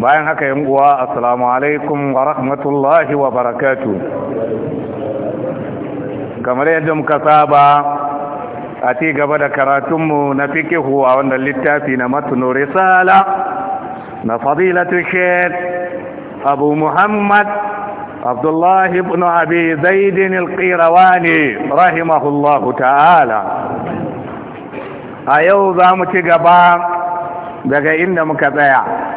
bayan haka yin uwa assalamu alaikum wa rahmatullahi wa barakatu kamar yadda muka saba a ci gaba da karatunmu na fikihu a wannan littafi na matunu risala na fadilatu shek abu muhammad abdullahi ibn abi zaidin ne rahimahullahu ta'ala a yau za mu ci gaba daga inda muka tsaya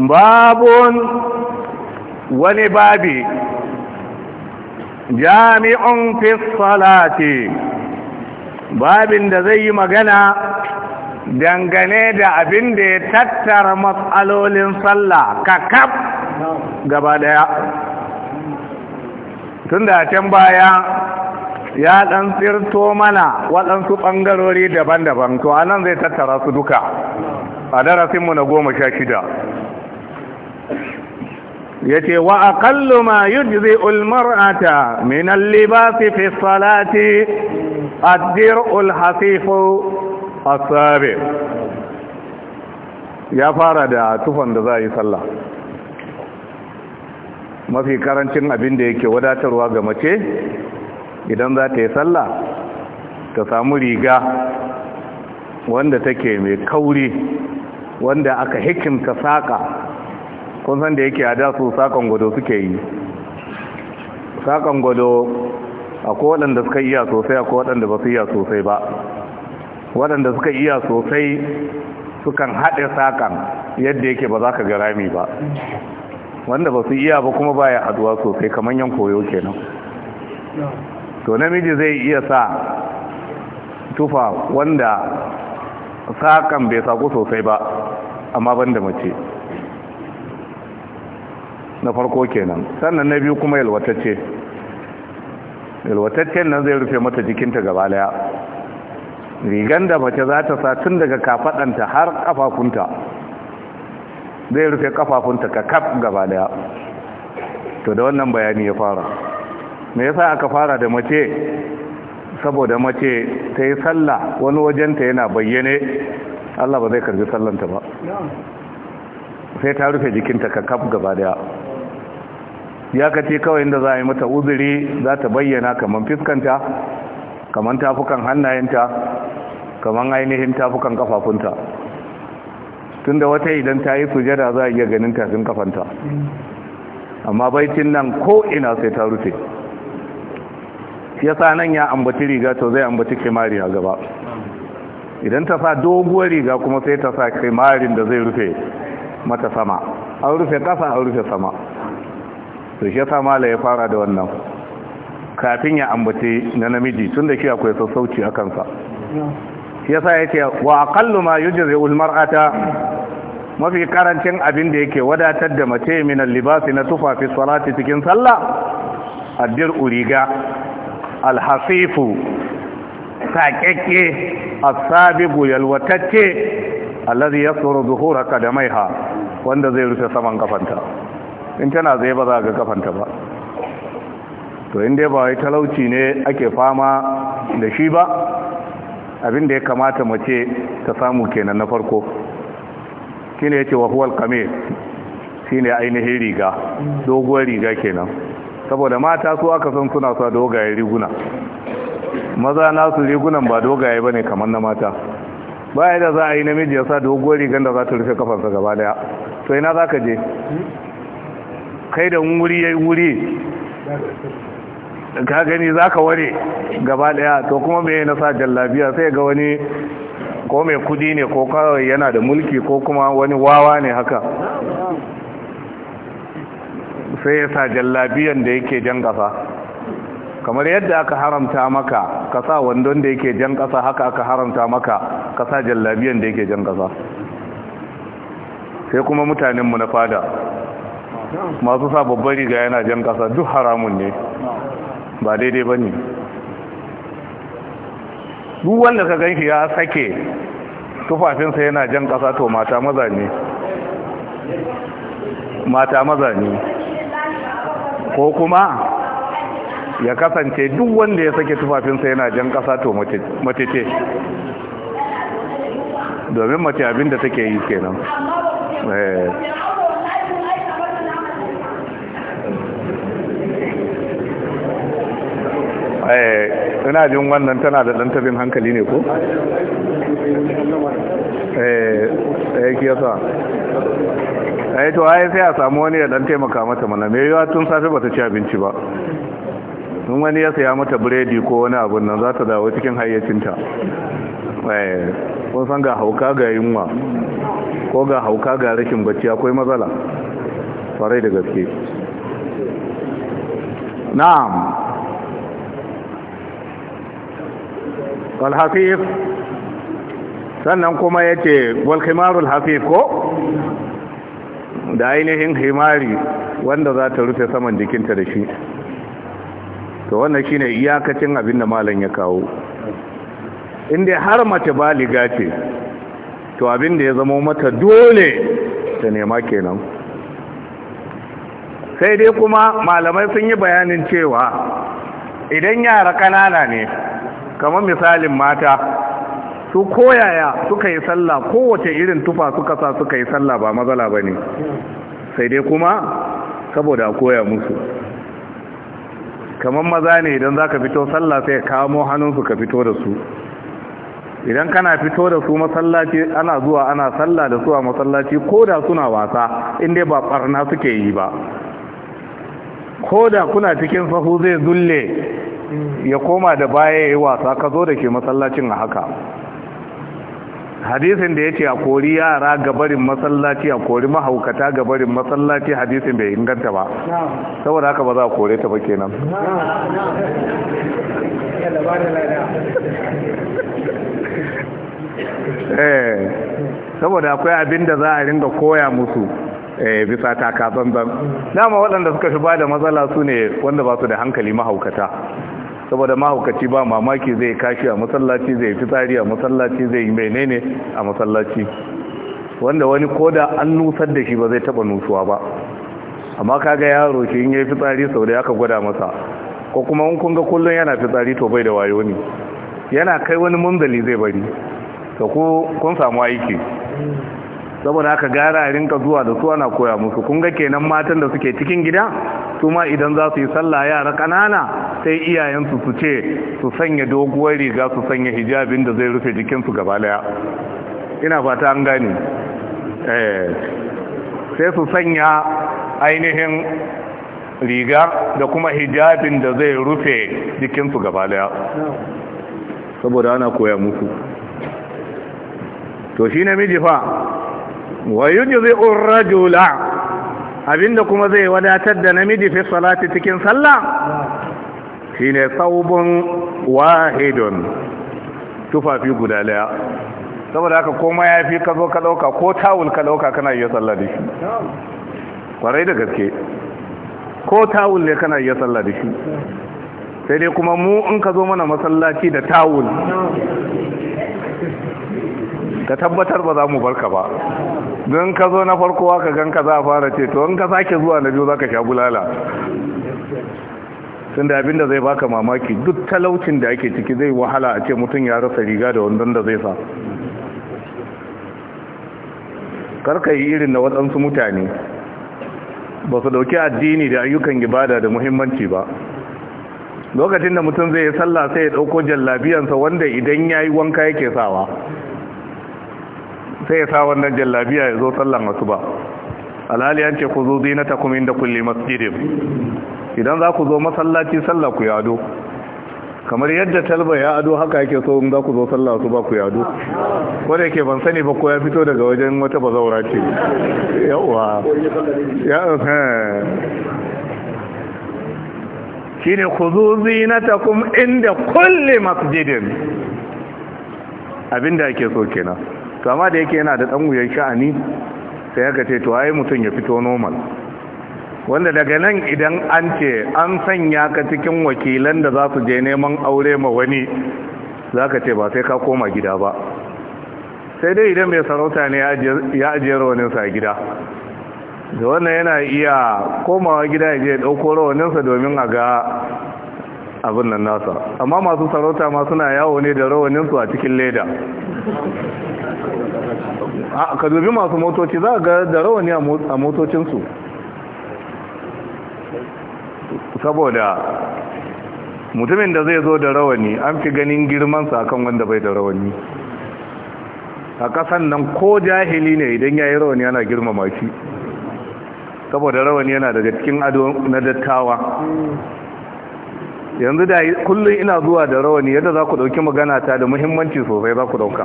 Babu wani babi jami'un fi salati babin da zai yi magana dangane da abin da ya tattara matsalolin sallah kakaf gaba daya tun da can baya ya ɗan tsirto mana waɗansu ɓangarori daban-daban to anan zai tattara su duka a darasinmu na goma sha shida yace wa aqallu ma yujzi almar'ata min al-libas fi salati ad al ya fara da tufan da za a yi sallah mafi karancin abin da yake wadatarwa ga mace idan za ta yi sallah ta samu riga wanda take mai kauri wanda aka hikimta saƙa kun san da yake a da su sakon gado suke yi sakon gado akwai waɗanda suka iya sosai akwai waɗanda ba su iya sosai ba waɗanda suka iya sosai sukan haɗe sakan yadda yake ba za ka ga rami ba wanda ba su iya ba kuma baya haduwa sosai kamar yan koyo kenan to namiji zai iya sa tufa wanda sakan bai saku sosai ba amma banda mace na farko kenan sannan na biyu kuma yalwatacce yalwatacce nan zai rufe mata jikinta gaba daya rigan da mace za ta sa tun daga kafadanta har kafafunta zai rufe kafafunta ka kaf gaba daya to da wannan bayani ya fara me yasa aka fara da mace saboda mace ta yi sallah wani wajenta yana bayyane Allah ba zai karbi sallanta ba sai ta rufe jikinta ka kaf gaba daya ya kace kawai inda za a yi mata uzuri za ta bayyana kamar fiskanta kamar tafukan hannayenta kamar ainihin tafukan kafafunta tunda wata idan ta yi sujada za a iya ganin tafin kafanta amma baitin nan ko ina sai ta rufe yasa nan ya ambaci riga to zai ambaci kimari a gaba idan ta sa doguwar riga kuma sai ta sa kimarin da zai rufe mata sama an rufe kasa an rufe sama to shi yasa mala ya fara da wannan kafin ya ambaci na namiji tun da shi akwai sassauci a kansa shi yasa ya ce wa aqallu ma yujzi mar'ata mafi karancin abin da yake wadatar da mace min al-libasi na tufafi salati cikin sallah addir uriga alhasifu saƙaƙe asabibu yalwatacce allazi yasuru zuhuraka da maiha wanda zai rufe saman kafanta in tana zai ba za ga kafanta ba to inda ba wai talauci ne ake fama da shi ba abinda ya kamata mace ta samu kenan na farko shine ce wa kame shi ne ainihin riga doguwar riga kenan saboda mata su aka san suna sa dogaye riguna maza na su rigunan ba dogaye ba ne kamar na mata Ba da za a yi namiji ya sa doguwar rigar da za ta rufe kafarsa gaba daya to ina za ka je kai da wuri ya yi wuri ka gani za ka ware gaba daya to kuma mai nasa jallabiya sai ga wani ko mai kudi ne ko kawai yana da mulki ko kuma wani wawa ne haka sai ya sa jallabiyan da yake jan ƙasa kamar yadda aka haramta maka ka sa wandon da yake jan ƙasa haka aka haramta maka ka sa jallabiyan da yake jan ƙasa sai kuma mutanenmu na fada masu sa babbar riga yana jan kasa duk haramun ne ba daidai ba ne duk wanda ka ganshi ya sake tufafinsa yana jan kasa to mata maza ne mata maza ne ko kuma ya kasance duk wanda ya sake tufafinsa yana jan kasa to mace ce domin mace abinda take yi kenan eh. Eh, ina jin wannan tana da dan tabin hankali ne ko eh eh kiyasa eh to ai sai a samu wani ya dan taimaka mata mana me yawa tun safe bata ci abinci ba Tun wani ya saya mata biredi ko wani abun nan za ta dawo cikin hayyacinta eh, kun san ga hauka ga yunwa ko ga hauka ga rikin bacci akwai matsala farai da gaske na'am walhafif sannan kuma ya ce walhimarul hafif ko da ainihin himari wanda za ta rufe saman jikinta da shi to wannan shine iyakacin abin da malam ya kawo inda har mace baliga ce to abin da ya zama mata dole ta nema kenan sai dai kuma malamai sun yi bayanin cewa idan yara ƙanana ne kamar misalin mata su koyaya suka yi sallah kowace irin tufa suka sa suka yi sallah ba matsala ba ne sai dai kuma saboda koya musu kamar maza ne idan za ka fito sallah sai kamo hannunsu ka fito da su idan kana fito da su masallaci ana zuwa ana sallah da su a masallaci ko da suna wasa inda ba barna suke yi ba ko da kuna cikin sahu zai zulle ya koma da baya ya yi wasa ka zo da ke masallacin a haka hadisin da ya ce a kori yara gabarin masallaci a kori mahaukata gabarin masallaci hadisin bai inganta ba saboda haka ba za a kore ta ba kenan eh, saboda akwai abin da za a ringa koya musu eh, bisa taka zanzan dama waɗanda suka fi ba da matsala su ne wanda ba su da hankali mahaukata saboda mahaukaci ba mamaki zai kashi a masallaci zai fitsari a masallaci zai yi menene a masallaci wanda wani koda an nusar da shi ba zai taba nusuwa ba amma kaga yaro shi ya yi fitsari sau da aka gwada masa ko kuma in kun ga kullum yana fitsari to bai da wayo ne yana kai wani munzali zai bari ta ku kun samu aiki saboda haka gara a rinka zuwa da su ana koya musu kun ga kenan matan da suke cikin gida su ma idan za su yi sallah yara ƙanana sai iyayensu su ce su sanya doguwar riga su sanya hijabin da zai rufe jikinsu gaba daya ina fata an gani. Eh, sai su sanya ainihin riga da kuma hijabin da zai rufe jikinsu gaba daya saboda ana koya musu to shi namiji fa wa ar rajula abinda kuma zai wadatar da namiji fi salati cikin sallah shine saubun wahidun tufafi guda daya saboda haka koma ya ka zo ka dauka ko tawul ka dauka kana iya sallah da shi kwarai da gaske ko tawul ne kana iya sallah da shi sai dai kuma mu in ka zo mana masallaci da tawul ka tabbatar ba za mu barka ba don ka zo na farko waka gan ka za a fara ce to ka sake zuwa na biyu za ka sha bulala sun da abinda zai baka mamaki duk talaucin da ake ciki zai wahala a ce mutum ya rasa riga da wandon da zai sa karka yi irin na waɗansu mutane ba su dauki addini da ayyukan ibada da muhimmanci ba lokacin da mutum zai yi sallah sai ya dauko jallabiyansa wanda idan ya yi wanka yake sawa sai ya sa wannan jallabiya ya zo sallan ba alhali yance ce ku zo zinata kuma inda kulli masjidin idan za ku zo masallaci sallah ku yado kamar yadda talba ya ado haka yake so in za ku zo sallah su ba ku yado ko da yake ban sani ba ko ya fito daga wajen wata bazaura ce yawa ya eh. shine khuzu kuma inda kulli masjidin abinda yake so kenan to amma da yake yana da dan wuyan sha'ani sai aka ce to ai mutum ya fito normal wanda daga nan idan an ce an sanya ka cikin wakilan da za su je neman aure ma wani za ka ce ba sai ka koma gida ba sai dai idan mai sarauta ne ya ajiye rawaninsa a gida da wannan yana iya komawa gida ya je ɗauko rawaninsa domin a ga abin nan nasa amma masu sarauta ma suna yawo ne da rawaninsu a cikin leda ka dubi masu motoci za ga da rawani a motocinsu saboda mutumin da zai zo da rawani an fi ganin girmansa akan wanda bai da rawani a kasan nan ko jahili ne idan ya yi rawani yana girma shi saboda rawani yana daga cikin ado na dattawa yanzu da kullum ina zuwa da rawani yadda za ku ɗauki magana ta da muhimmanci sosai za ku ɗauka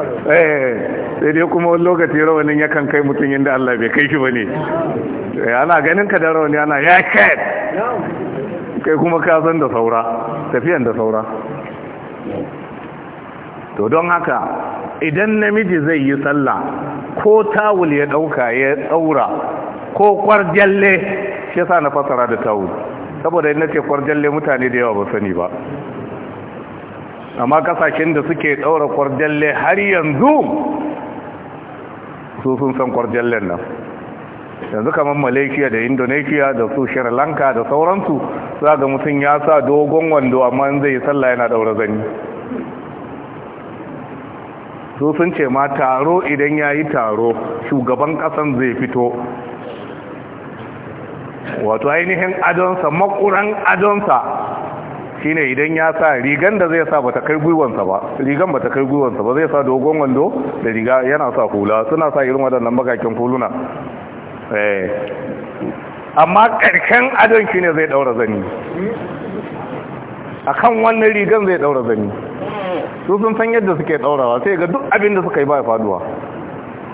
Eh, sai dai kuma wani lokaci rawanin kan kai mutum inda Allah bai kai shi ba ne eh, ana ganin ka da rawani ana ya kai kai kuma ka san da saura tafiyan da saura to don haka idan namiji zai yi sallah ko tawul ya dauka ya tsaura ko kwarjalle shi yasa na fasara da tawul saboda in nace kwarjalle mutane da yawa ba sani ba amma kasashen da suke ɗaura kwarjalle har yanzu su sun san kwarjallen nan yanzu kamar malaysia da indonesia da su sri lanka da sauransu za ga mutum ya sa dogon wando amma zai yi sallah yana daura zani su sun ce ma taro idan ya yi taro shugaban kasan zai fito wato ainihin adonsa makuran adonsa shine idan ya sa rigan da zai sa bata kai gwiwansa ba rigan bata kai gwiwansa ba zai sa dogon wando da riga yana sa hula suna sa irin waɗannan bakakin huluna eh. amma ƙarshen adon shine zai daura zani akan wannan rigan zai daura zani su sun san yadda suke daurawa sai ga duk abin da suka yi ba faduwa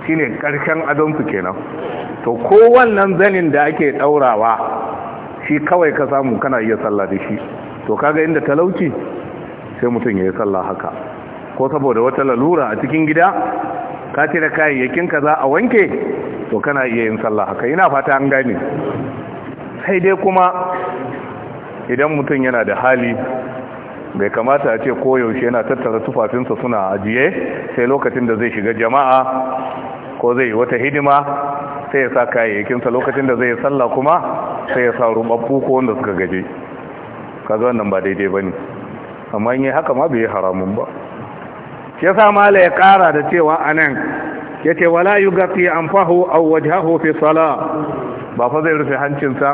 shine ƙarshen adon su kenan to ko wannan zanin da ake daurawa shi kawai ka samu kana iya sallah da shi to kaga inda talauci sai mutum ya yi sallah haka ko saboda wata lalura a cikin gida ka ce da kayayyakin ka za a wanke to kana iya yin sallah haka ina fata an gane sai dai kuma idan mutum yana da hali bai kamata a ce koyaushe yana tattara tufafinsa suna ajiye sai lokacin da zai shiga jama'a ko zai yi wata hidima sai ya sa kayayyakinsa lokacin da zai yi sallah kuma sai ya sa rubabbu ko wanda suka gaje kaga wannan ba daidai bane amma in yi haka ma bai haramun ba shi yasa mala ya kara da cewa anan yace wala yughti anfahu aw wajhahu fi salah ba fa zai rufe hancinsa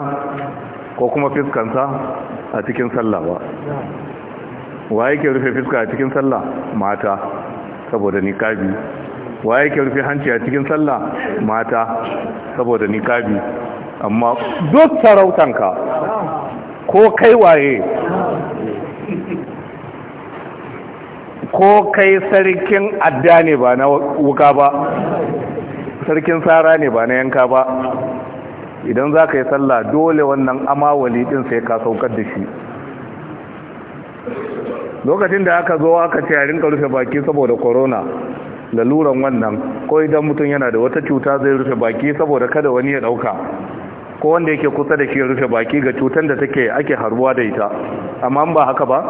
ko kuma fiskansa a cikin sallah ba wa yake rufe fiska a cikin sallah mata saboda niqabi wa yake rufe hanci a cikin sallah mata saboda niqabi amma duk sarautanka ko kai waye ko kai sarkin adda ne ba na wuka ba sarkin tsara ne ba na yanka ba idan za ka yi sallah dole wannan amawali din sai ka saukar da shi lokacin da aka zo aka ce a rinka rufe baki saboda corona laluran wannan ko idan mutum yana da wata cuta zai rufe baki saboda kada wani ya dauka ko wanda yake kusa da shi ya rufe baki ga cutar da take ake harbuwa da ita amma ba haka ba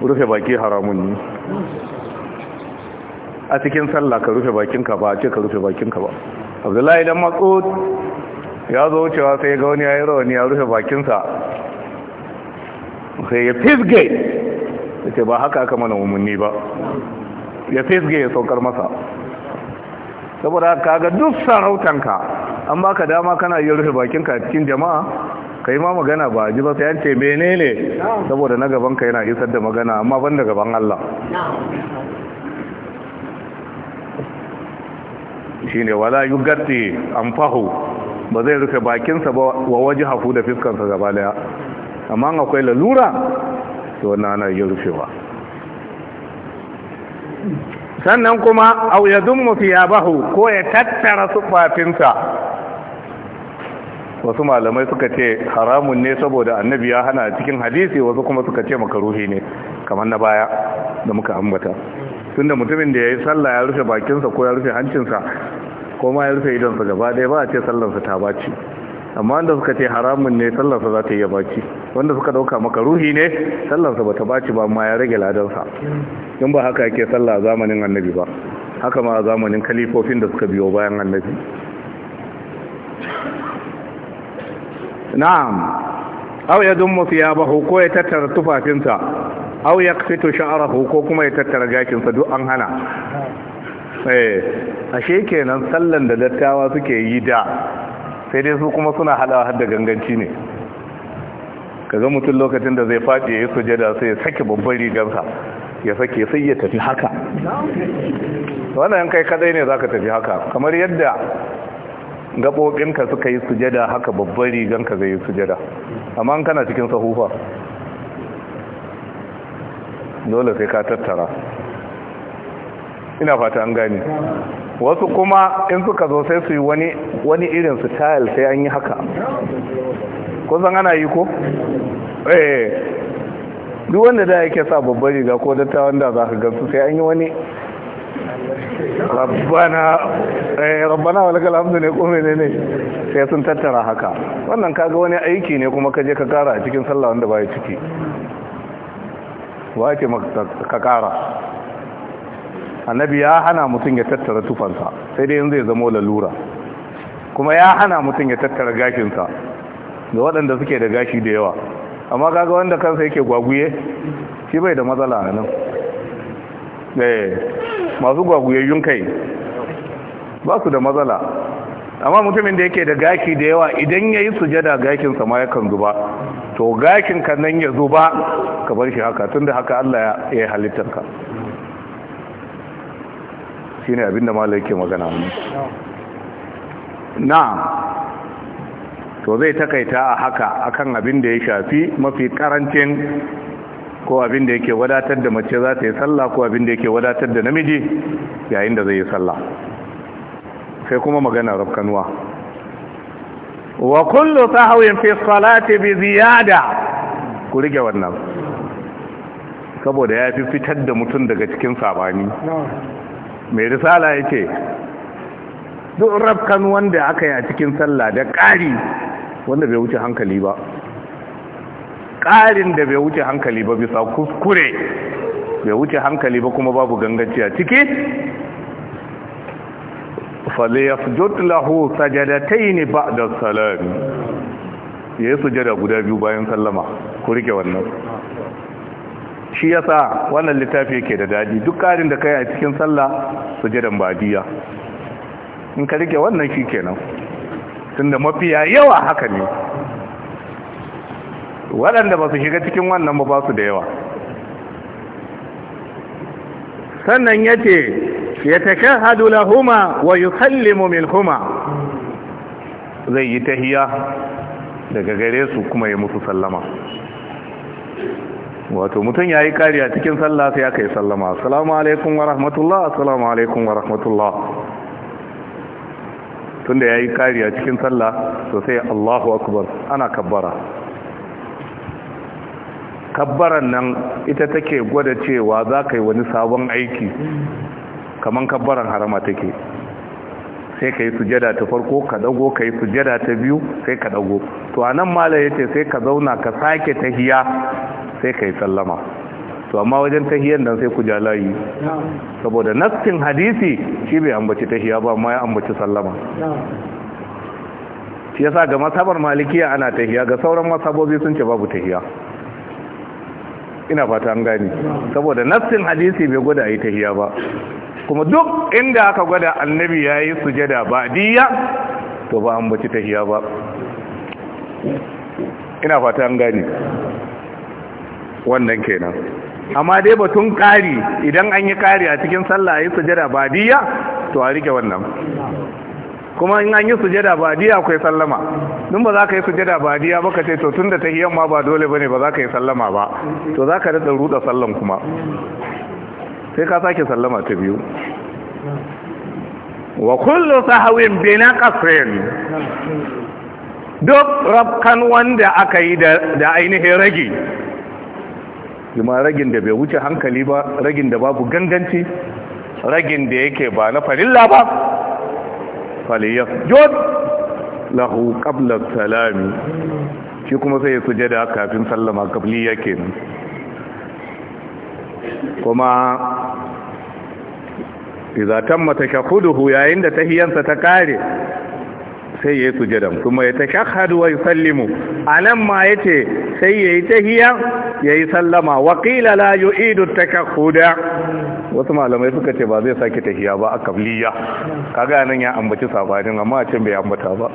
rufe baki haramun ne a cikin sallah ka rufe bakinka ba a ce ka rufe bakinka ba abdullahi dan matsud ya zo wucewa sai ga wani yayi rawani ya rufe bakinsa sai ya fisge ya ce ba haka aka mana umunni ba ya fisge ya saukar masa saboda kaga duk sarautanka an ka dama kana iya rufe bakinka a cikin jama'a ka yi ma magana ba ji ba sai an ce menene saboda na gaban ka yana isar da magana amma ban da gaban Allah Shi ne wala an anfahu ba zai rufe bakinsa ba wa waje hafu da fiskansa gaba daya amma akwai lalura to wannan ana iya rufewa sannan kuma au yadummu fi abahu ko ya tattara sufafinsa wasu malamai suka ce haramun ne saboda annabi ya hana cikin hadisi wasu kuma suka ce makaruhi ne kamar na baya da muka ambata tunda mutumin da ya yi sallah ya rufe bakinsa ko ya rufe hancinsa ko ma ya rufe idonsa gaba ɗaya ba a ce sallarsa ta baci amma wanda suka ce haramun ne sallarsa za ta iya baci wanda suka dauka maka ruhi ne sallarsa ba ta baci ba amma ya rage ladansa in ba haka yake sallah a zamanin annabi ba haka ma a zamanin kalifofin da suka biyo bayan annabi na'am aw ya dumu siyabahu ko ya tattara tufafinsa aw yaqfitu sha'rahu ko kuma ya tattara gashinsa duk an hana eh ashe kenan sallan da dattawa suke yi da sai dai su kuma suna hadawa har da ganganci ne kaga mutum lokacin da zai fadi ya yi sujada sai ya sake babban rigarsa ya sake sai ya tafi haka wannan kai kadai ne zaka tafi haka kamar yadda ka suka yi sujada haka babban riganka zai yi sujada amma kana cikin sahufa dole sai ka tattara ina fata an gani wasu kuma in suka zo sai su yi wani wani irin su tayal sai an yi haka ko zan ana yi ko eh duk wanda da yake sa babban riga ko dattawan da za ka gansu sai an yi wani rabbana eh rabbana walakal hamdu ne ko menene sai sun tattara haka wannan kaga wani aiki ne kuma kaje ka kara a cikin sallah wanda ya ciki wace ka kara annabi ya hana mutum ya tattara tufansa sai dai yanzu ya zama lalura kuma ya hana mutum ya tattara gashinsa ga waɗanda suke da gashi da yawa amma kaga wanda kansa yake gwaguye shi bai da matsala nan eh masu gwaguyayyun kai ba su da matsala amma mutumin da yake da gaki da yawa idan ya yi sujada sama ma kan zuba to gakin ka nan ya zuba ka bar shi haka tunda haka Allah ya halittar ka shi ne abinda malar yake magana mu na to zai takaita a haka akan abin da ya shafi mafi karancin ko abin da yake wadatar da mace za ta yi sallah ko abin da yake wadatar da namiji yayin da zai yi sallah sai kuma magana rafkanuwa wa kullu sahwin fi salati bi ziyada ku rige wannan saboda ya fi fitar da mutum daga cikin sabani mai risala ce duk rafkanuwan wanda aka yi a cikin sallah da ƙari wanda bai wuce hankali ba ƙarin da bai wuce hankali ba bisa kuskure bai wuce hankali ba kuma babu ganganci a ciki ne ba da ba'da ya yi sujada guda biyu bayan sallama ku rike wannan shi ya sa wannan littafi yake da daɗi, duk karin da kai a cikin salla sujadan badiya in ka rike wannan shi tun tunda mafiya yawa haka ne waɗanda ba su shiga cikin wannan ba su da yawa sannan ya ce ya taka hadula huma wa yi kallimu mil huma zai yi tahiya daga gare su kuma ya musu sallama wato mutum ya yi kariya cikin sallah sai aka yi sallama assalamu alaikum wa rahmatullah assalamu alaikum wa rahmatullah tunda ya yi kariya cikin sallah sosai allahu akubar ana kabbara kabbaran nan ita take gwada cewa za ka yi wani sabon aiki kamar kabbaran harama take sai ka yi sujada ta farko ka dago ka yi sujada ta biyu sai ka dago to a nan mala ya ce sai ka zauna ka sake tahiya sai ka yi sallama to amma wajen tahiyan nan sai ku ja layi saboda naskin hadisi shi bai ambaci tahiya ba amma ya ambaci sallama shi yasa ga masabar malikiya ana tahiya ga sauran masabobi sun ce babu tahiya ina fata an gani saboda nassin hadisi bai gwada ayi tahiya ba kuma duk inda aka gwada annabi yayi yi sujada ba diya to ba an baci tahiya ba ina fata an gani wannan kenan amma dai batun kari idan an yi kari a cikin sallah ayi sujada ba diya to a rike wannan kuma in an yi sujada badiya akwai sallama dun ba za ka yi sujada badiya ba ka ce to tun da ta hiyan ma ba dole bane ba za ka yi sallama ba to za ka daɗa ruda sallan kuma sai ka sake sallama ta biyu wa kullu sahawin bina qasrin duk rabkan wanda aka yi da ainihin ragi kuma ragin da bai wuce hankali ba ragin da babu ganganci ragin da yake ba na farilla ba falyasjud lahu qabla salami shi kuma sai ya sujada kafin sallama kabli yake kuma idza tamma tashahhuduhu yayin da tahiyansa ta kare sai ya sujada kuma ya tashahhadu wa yusallimu anan ma yace sai yayi tahiya yayi sallama wa qila la yu'idu tashahhuda wasu malamai suka ce ba zai sake tahiya ba a kabliya kaga nan ya ambaci sabanin amma a can bai ambata ba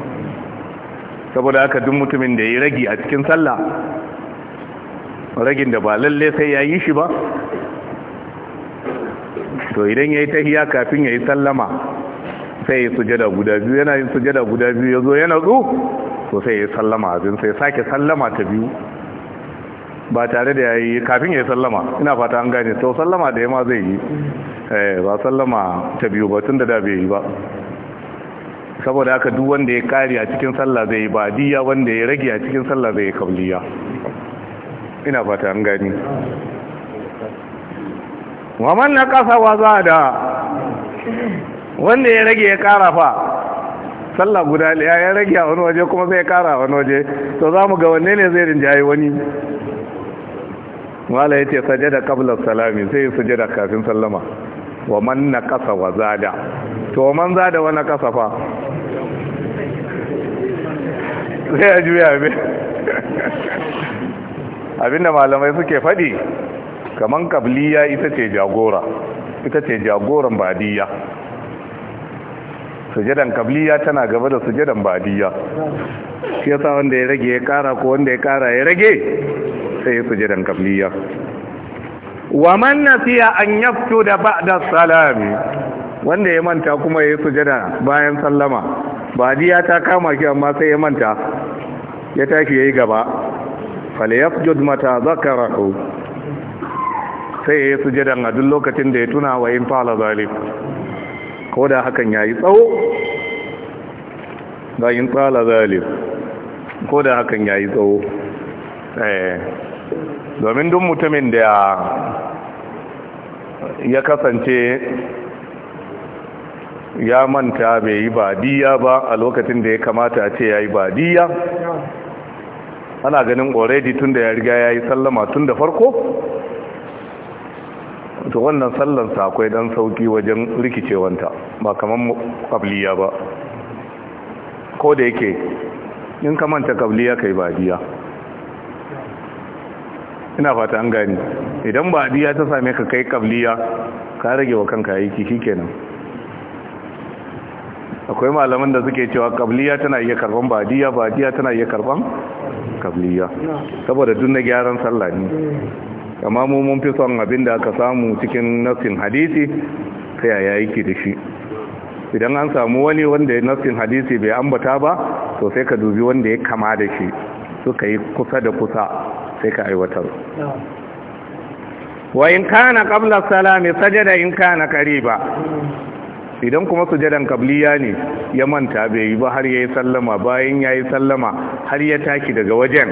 saboda haka duk mutumin da ya yi ragi a cikin sallah ragin da ba lalle sai ya yi shi ba to idan ya yi tahiya kafin ya yi sallama sai ya sujada guda biyu yana yin sujada guda biyu ya zo yana zo to sai ya yi sallama abin sai sake sallama ta biyu ba tare da yayi kafin ya sallama ina fata an gane to sallama da yamma zai yi eh ba sallama ta biyu ba tunda da bai yi ba saboda haka duk wanda ya kare a cikin sallah zai yi ba diya wanda ya rage a cikin sallah zai yi kabliya ina fata an gani waman na kasawa za da wanda ya rage ya kara fa sallah guda ya rage a wani waje kuma zai kara a wani waje to za mu ga wanne ne zai rinjaye wani wala ya ce sajada kabla salami sai sujada kafin sallama wa man na kasa wa zada to man zada wa na kasa fa sai ya juya abin abinda malamai suke faɗi kaman kabliya ita ce jagora ita ce jagoran badiya sujadan kabliya tana gaba da sujadan badiya shi yasa wanda ya rage ya kara ko wanda ya kara ya rage sai ya dan kabliya wa man nasiya an da ba'da salami wanda ya manta kuma ya suje da bayan sallama ba diya ta kama ki amma sai ya manta ya tafi yayi gaba falyafjud mata zakarahu sai ya dan a duk lokacin da ya tuna wa in fala zalik ko da hakan yayi tsawo ga in fala zalik ko da hakan yayi tsawo eh domin duk mutumin da ya kasance ya manta bai yi badiya ba a lokacin da ya kamata a ce ya yi badiya ana ganin already tun da ya riga ya yi sallama tun da farko to wannan sallansa akwai dan sauki wajen rikicewanta ba kamar kabliya ba ko da yake in ka manta kabliya yi badiya ina fata an gani idan ba biya ta same ka kai kabliya ka rage wa kanka aiki shikenan akwai malaman da suke cewa kabliya tana iya karban badiya badiya tana iya karban kabliya saboda duk na gyaran sallah ne amma mu mun fi son abin da aka samu cikin nassin hadisi sai ya yake da shi idan an samu wani wanda ya nassin hadisi bai ambata ba to sai ka dubi wanda ya kama da shi suka yi kusa da kusa sai ka aiwatar wa in kana qabla salami sajada in kana qariba idan kuma sujadan kabliya ne ya manta bai yi ba har yayi sallama bayan yayi sallama har ya taki daga wajen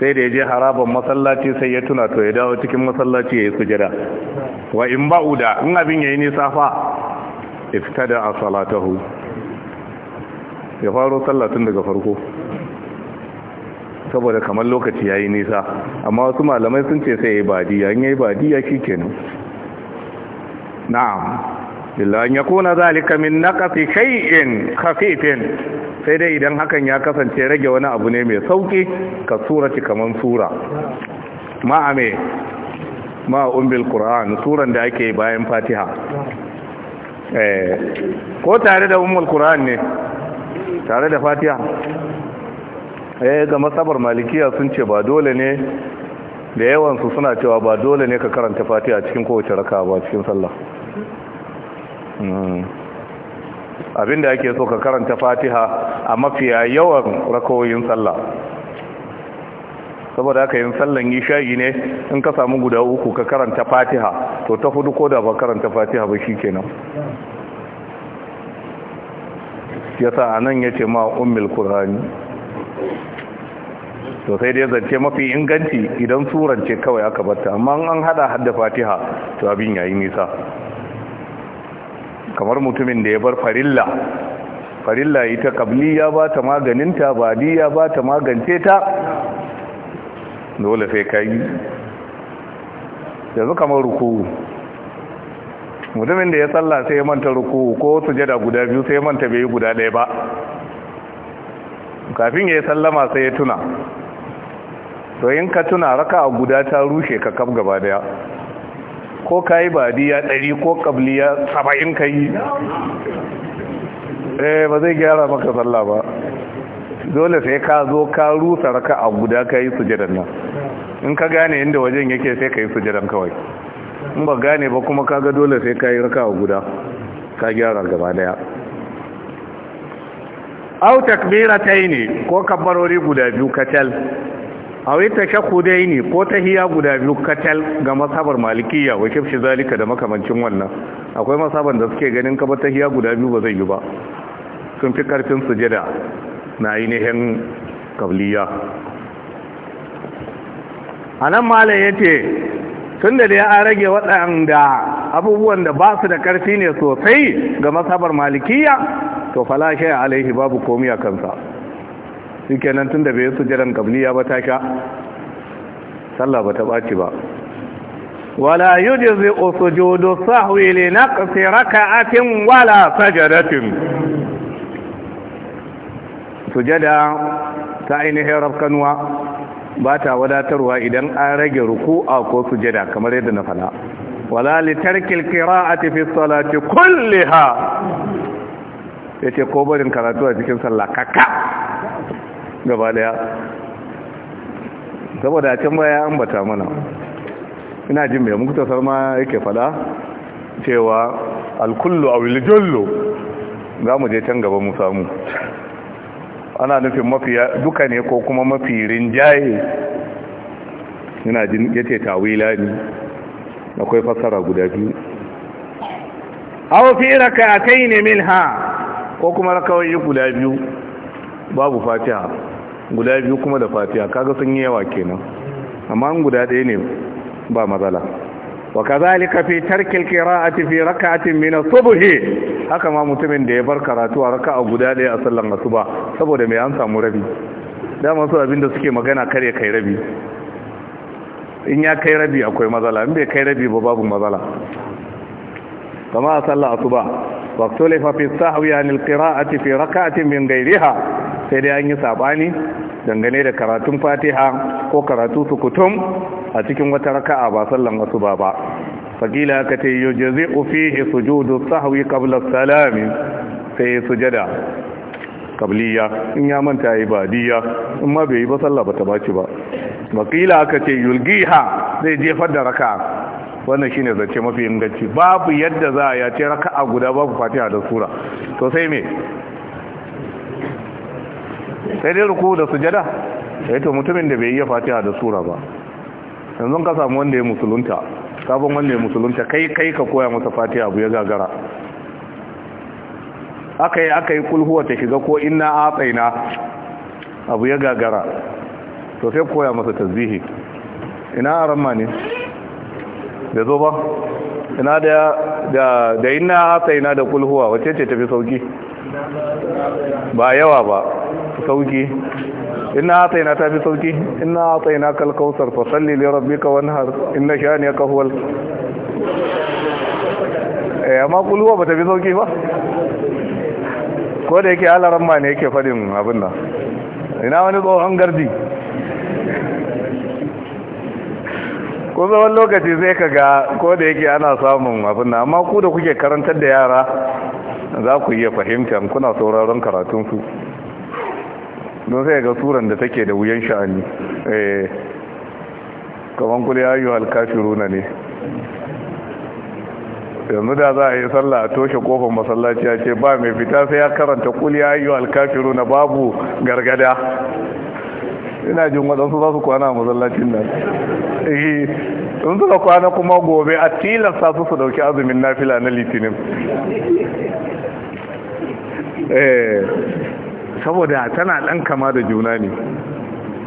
sai da yaje je haraban masallaci sai ya tuna to ya dawo cikin masallaci yayi sujada wa in ba'uda in abin yayi yi nisa iftada salatahu ya faro sallatin daga farko saboda kamar lokaci yayi nisa amma wasu malamai sun ce sai yayi badiya in yayi badiya kenan na'am illa an yakuna zalika min naqati shay'in khafifin sai dai idan hakan ya kasance rage wani abu ne mai sauki ka surati kaman sura ma'ame ma umbil qur'an suran da ake bayan fatiha eh ko tare da umul qur'an ne tare da fatiha eh ga masabar malikiya sun ce ba dole ne da yawansu suna cewa ba dole ne ka karanta fatiha cikin kowace raka ba cikin sallah hmm. abinda ake so ka karanta fatiha a mafiya yawan rakoyin sallah saboda haka yin sallan isha'i ne in ka samu guda uku ka karanta fatiha to ta hudu ko da ba karanta fatiha ba shi shikenan yasa ya ce ma umil kurhani to sai dai zance mafi inganci idan surance ce kawai aka batta amma an hada hadda fatiha to abin yayi nisa kamar mutumin da ya bar farilla farilla ita kabliya ba ta maganinta ya ba ta magance ta dole sai kai yanzu kamar ruku mutumin da ya tsalla sai ya manta ruku ko sujada guda biyu sai ya manta bai yi guda ɗaya ba kafin ya yi sallama sai ya tuna to in ka tuna raka a guda ta rushe ka kaf gaba daya ko ka yi badiya ɗari ko ƙabliya saba'in ka yi eh ba zai gyara maka sallah ba dole sai ka zo ka rusa raka a guda ka yi sujadan nan in ka gane inda wajen yake sai ka yi sujadan kawai in ba gane ba kuma ka ga dole sai ka yi raka a guda ka gyara gaba daya au takbira ta yi ne ko kabarori guda biyu ta katal yi ne ko tahiya guda biyu katal ga masabar malikiya wa kifshi zalika da makamancin wannan akwai masabar da suke ganin kaba tahiya guda biyu ba zai yi ba sun fi karfin sujada na ainihin kabliya anan malam yace tunda da ya rage waɗanda abubuwan da ba su da karfi ne sosai ga masabar malikiya to fala a alaihi babu komai a kansa tun da bai sujudan qabliya ba ta sha sallah ba ta baci ba wala yujzi sujudu na li naqsi rak'atin wala sajadatin sujada ta ainihin rafkanuwa ba ta wadatarwa idan an rage ruku'a ko sujada kamar yadda na fala. wala litarkil qira'ati fi salati kulliha ya ce ko barin karatu a cikin sallah kaka gaba daya saboda a can baya an bata mana ina jin mai muku tasar ma yake fada cewa alkullu a wiljollo za mu je can gaba mu samu ana nufin mafi duka ne ko kuma mafi rinjaye ina jin yace tawila ne akwai fasara guda biyu aw fi rak'atayn ha? ko kuma rakawai guda biyu babu fatiha guda biyu kuma da fatiha kaga sun yi yawa kenan amma an guda ɗaya ne ba matsala wa kazalika fi tarkil qira'ati fi rak'atin min as-subh haka ma mutumin da ya bar karatu a raka'a guda ɗaya a sallan asuba saboda mai an samu rabi dama su abinda suke magana kare kai rabi in ya kai rabi akwai matsala in bai kai rabi ba babu matsala kama a sallan asuba واختلف في السهو عن القراءة في ركعة من غيرها sai dai an yi sabani dangane da karatun fatiha ko karatu sukutum a cikin wata raka'a ba sallan wasu ba ba fakila ka ce yi sujudu sahwi kabla salami sai sujada kabliya in ya manta yi badiya in ma bai yi ba sallah ba ta baci ba wakila aka ce yulgiha zai jefar da rakaa wannan shine zance mafi inganci babu yadda za a yace raka'a guda babu fatiha da sura to sai me sai dai ruku da sujada sai eh to mutumin da bai yi fatiha da sura ba yanzu ka samu wanda ya musulunta sabon wanda ya musulunta kai kai ka koya masa fatiha abu ya gagara aka yi aka yi kulhuwa ta shiga ko inna tsaina abu ya gagara to sai koya masa tasbihi ina aramma ne da zo ba ina da da ina hata ina da kulhuwa wace ce tafi sauki ba yawa ba sauki ina hata ina tafi sauki ina hata ina kalkausar fasalli li rabbika wanhar inna shaniyaka huwal eh amma kulhuwa ba tafi sauki ba ko da yake alaran ma ne yake fadin abin nan ina wani tsohon gardi ko zaman lokaci sai ka ga ko da yake ana samun abin nan amma ku da kuke karantar da yara za ku iya fahimta kuna sauraron karatunsu don sai ga suran da take da wuyan sha'ani eh kaman kuli ayu alkafiruna ne yanzu da za a yi sallah a toshe kofar masallaci ya ce ba mai fita sai ya karanta kuli ayu alkafiruna babu gargada ina jin waɗansu za su kwana a masallacin nan eh, in suka kwana kuma gobe a tilasta su su dauki azumin nafila na litinin eh, saboda tana ɗan kama da juna ne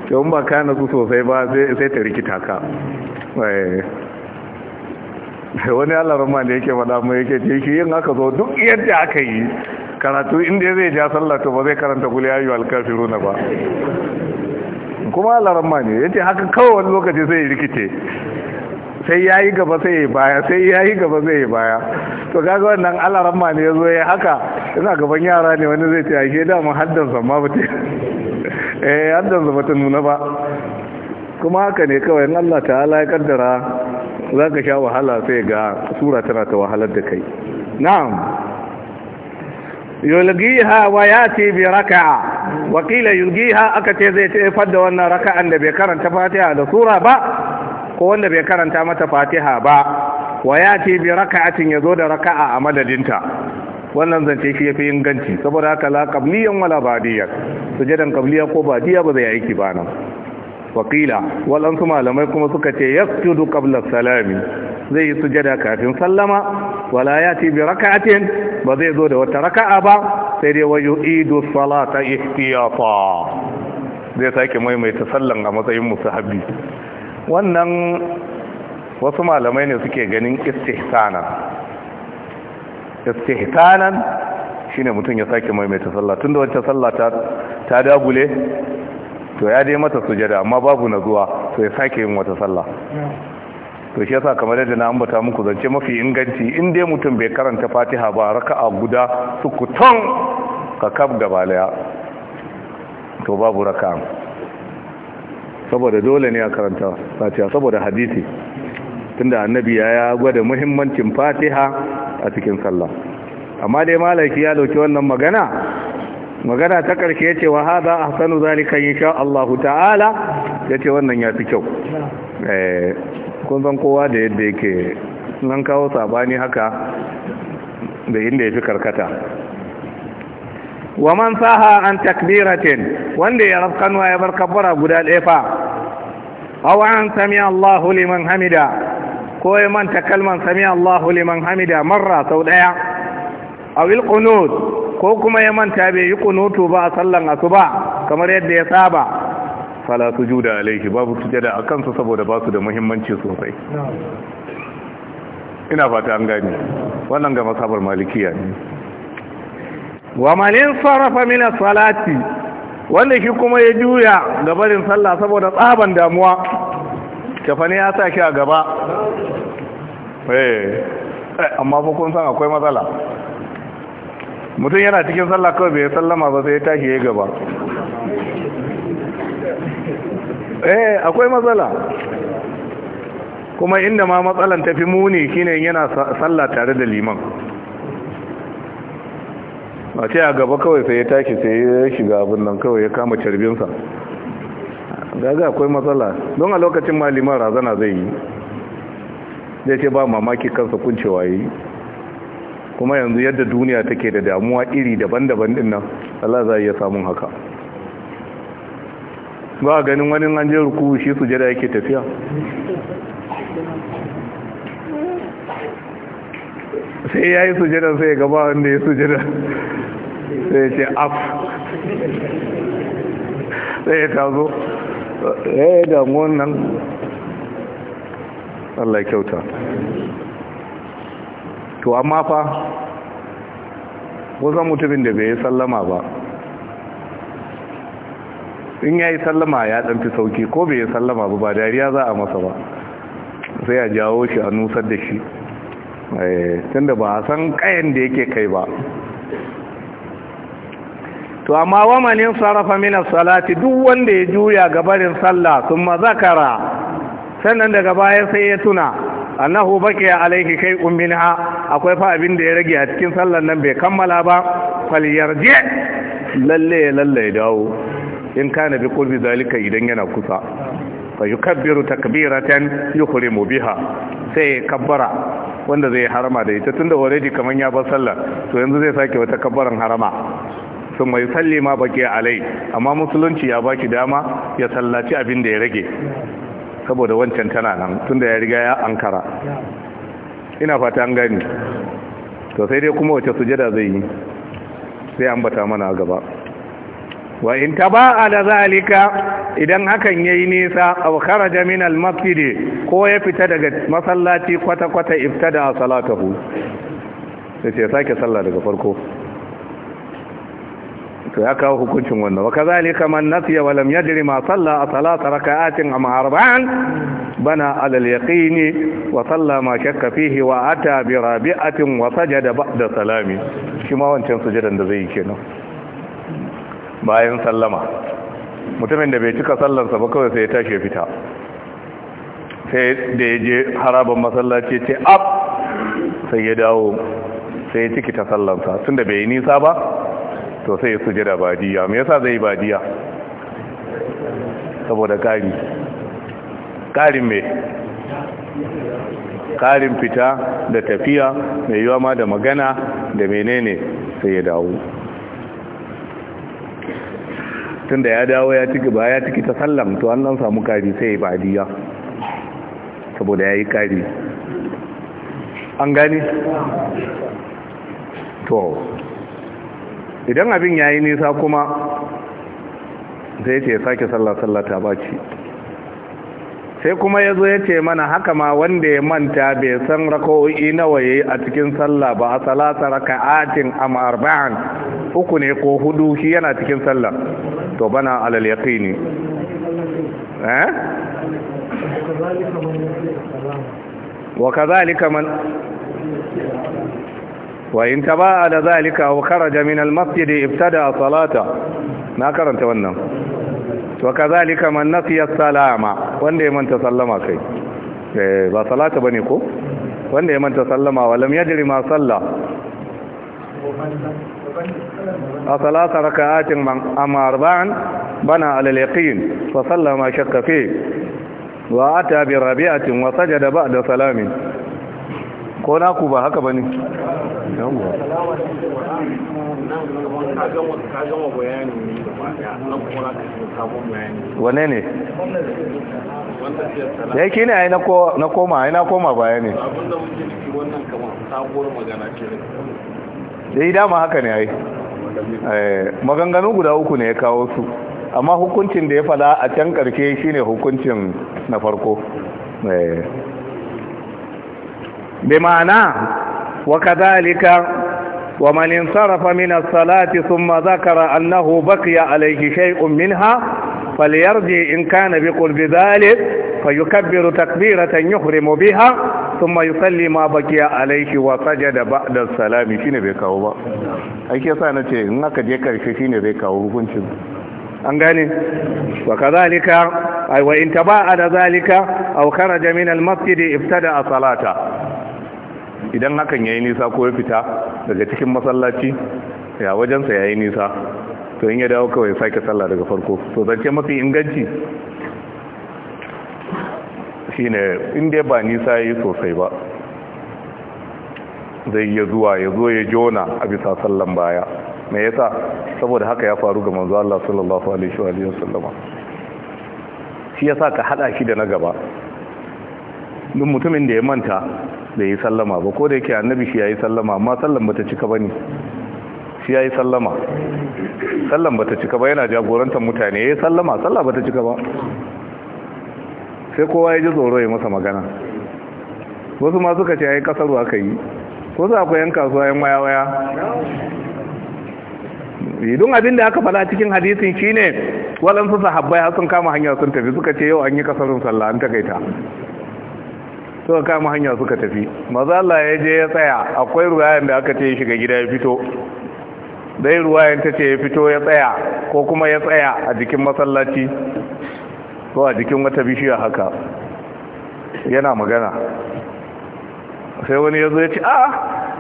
yau ba ka su sosai ba sai ta rikita ka eh, wani alarma da yake faɗa mai yake ce yin aka zo duk yadda aka yi karatu inda zai ja sallata ba zai karanta guli alkafiru na ba kuma laramma ne ya ce haka kawai wani lokaci sai rikice sai ya yi gaba sai ya baya sai ya yi gaba sai ya baya to kaga wannan alaramma ne ya zo ya haka ina gaban yara ne wani zai ce a ke damun haddansa ma ba eh haddansa ta nuna ba kuma haka ne kawai in Allah ta'ala ya kaddara za ka sha wahala sai ga sura tana ta wahalar da kai na'am yulgiha wa yati bi raka'a wakila yulgiha aka ce zai taifar da wannan raka'an da bai karanta fatiha da sura ba ko wanda bai karanta mata fatiha ba wa yati bi raka'atin yazo da raka'a a madadinta wannan zance shi yafi inganci saboda haka la qabliyan wala badiyan sujadan qabliya ko badiya ba zai aiki ba nan waƙila waɗansu malamai kuma suka ce ya sujudu ƙablar salami zai yi sujada kafin sallama wala ya ce bi raka'atin ba zai zo da wata raka'a ba sai dai wayo idu salata istiyafa zai sake maimaita sallan a matsayin musahabi wannan wasu malamai ne suke ganin istihsanan shi shine mutum ya sake maimaita sallah tunda wacce sallah ta dagule to ya dai mata sujada amma babu na zuwa to ya sake yin wata sallah to shi yasa kamar yadda na ambata muku zance mafi inganci in dai mutum bai karanta Fatiha ba raka'a guda sukutun ka kaf gaba laya to babu raka'a saboda dole ne a karanta Fatiha saboda hadisi tunda annabi ya gwada muhimmancin Fatiha a cikin sallah amma dai malaki ya dauki wannan magana magana ta karshe ce wa hada ahsanu zalika insha Allah ta'ala Ya ce wannan ya fi kyau eh kun san kowa da yadda yake nan kawo sabani haka da inda fi karkata wa man saha an takbiratin wanda ya rafkanwa ya bar kabbara guda ɗaya fa aw an sami Allahu liman hamida ko ya manta kalman sami Allahu liman hamida marra sau ɗaya A qunut ko kuma ya manta bai yi kunutu ba a sallan asu ba kamar yadda ya saba fala juda alaihi babu sujada a kansu saboda ba su da muhimmanci sosai ina fata an gani wannan ga masabar malikiya ne wa malin sarrafa min salati wanda shi kuma ya juya ga barin sallah saboda tsaban damuwa tafani ya sa shi a gaba eh, eh amma fa kun san akwai matsala mutum yana cikin sallah kawai bai sallama ba sai ya tashi ya gaba eh akwai matsala kuma inda ma matsalan tafi muni shine yana sallah tare da liman a ce a gaba kawai sai ya tashi sai ya shiga abin nan kawai ya kama carbinsa gaga akwai matsala don a lokacin ma liman razana zai yi zai ce ba mamaki kansa kuncewa yi kuma yanzu yadda duniya take da damuwa iri daban-daban din nan Allah zai iya samun haka ba ganin wani an je ruku shi sujada yake tafiya sai ya yi sujada sai gaba wanda ya sujada sai ya ce af sai ya tazo ya eh, yi damuwa nan Allah kyauta to amma fa wasan mutumin da bai yi sallama ba in ya yi sallama ya ɗanfi sauki ko bai yi sallama ba ba dariya za a masa ba sai a jawo shi a nusar da shi eh, tunda ba a san ƙayan da yake kai ba to amma wamanin sarrafa mina salati duk wanda ya juya gabarin sallah sun mazakara sannan daga baya sai ya tuna annahu baqiya alaihi kai umminha akwai fa abin da ya rage a cikin sallar nan bai kammala ba Fal yarji lalle lalle dawo in kana bi qurbi zalika idan yana kusa fa yukabbiru takbiratan yukhrimu biha sai kabbara wanda zai harama da ita tunda already kaman ya bar sallar to yanzu zai sake wata kabbaran harama sun mai salli ma baki alai amma musulunci ya baki dama ya sallaci abin da ya rage saboda wancan tana nan tunda ya riga ya ankara ina fata an gani to sai dai kuma wace sujada zai yi sai ambata mana gaba wa in taba da zalika idan hakan yayi nisa aw kharaja min al-masjid ko ya fita daga masallaci kwata kwata ibtada salatuhu sai ya sake sallah daga farko to ya kawo hukuncin wannan wa kazalika man nasiya wa lam yadri ma salla salat raka'atin am arba'an bana ala al yaqin wa salla ma shakka fihi wa ata bi rabi'atin wa sajada ba'da salami shi ma wancan sujudan da zai yi kenan bayan sallama mutumin da bai cika sallansa ba kawai sai ya tashi fita sai da ya je haraban masallaci ce ab sai ya dawo sai ya ciki ta sallansa tun bai yi nisa ba to sai ya sujada badiya me yasa zai badiya saboda kari karin me karin fita da tafiya mai yiwa ma da magana da menene sai ya dawo tun da ya dawo ya ciki ba ya ciki ta sallam to an samu kari sai ya badiya saboda ya yi kari an gani to idan abin ya yi nisa kuma zai ce sake sallah-sallah ta baci sai kuma ya zo ya ce mana haka ma wanda ya manta bai san rako'o'i nawa yi a cikin sallah ba a salata raka'atin am arba'an uku ne ko hudu shi yana cikin sallah to bana alal yaqini ne. Eh? wa man وإن تباعد ذلك أو خرج من المسجد ابتدأ صلاته ما كرنت ونم وكذلك من نسي السلام وندي من تسلم كي با صلاة بنيكو وندي من تسلم ولم يدري ما صلى ثلاث ركعات أما أربعا بنى على اليقين فصلى ما شك فيه وأتى بربيعة وسجد بعد سلام ko naku ba haka ba ne wane ne ya ki ne ai na koma ai na koma baya ne da yi dama haka ne yi. Eh, maganganu guda uku ne ya kawo su amma hukuncin da ya fada a can karshe shine hukuncin na farko eh. بمعنى وكذلك ومن انصرف من الصلاة ثم ذكر أنه بقي عليه شيء منها فليرجي إن كان بقلب ذلك فيكبر تكبيرة يحرم بها ثم يصلي ما بقي عليه وسجد بعد السلام شين بيكا هو أي كيسا نتي هناك ديكر شين بيكا هو فنشب وكذلك أي وإن تباعد ذلك أو خرج من المسجد ابتدأ صلاته idan hakan ya yi nisa ko ya fita daga cikin masallaci ya wajensa yayi nisa to in ya dawo kawai sake sallah daga farko to zance mafi inganci shine in dai ba nisa yayi sosai ba zai iya zuwa ya zo ya jona a bisa sallan baya me yasa saboda haka ya faru ga manzo Allah sallallahu alaihi wa sallam. shi yasa ka hada shi da na gaba duk mutumin da ya manta da yi sallama ba ko da yake annabi shi ya yi sallama amma sallan bata cika ba ne shi ya yi sallama sallan bata cika ba yana jagorantar mutane ya yi sallama sallah bata cika ba sai kowa ya ji tsoro ya masa magana wasu ma suka ce ya yi kasar ka yi ko za akwai yanka kasuwa ayin waya-waya idun abin da aka fada cikin hadisin shine waɗansu sahabbai har sun kama hanya sun tafi suka ce yau an yi kasarun sallah an takaita suka kama hanya suka tafi maza Allah ya je ya tsaya akwai ruwayan da aka ce ya shiga gida ya fito dai ruwayan ta ce ya fito ya tsaya ko kuma ya tsaya a jikin masallaci ko a jikin wata bishiya haka yana magana sai wani ya zo ya ce a ah,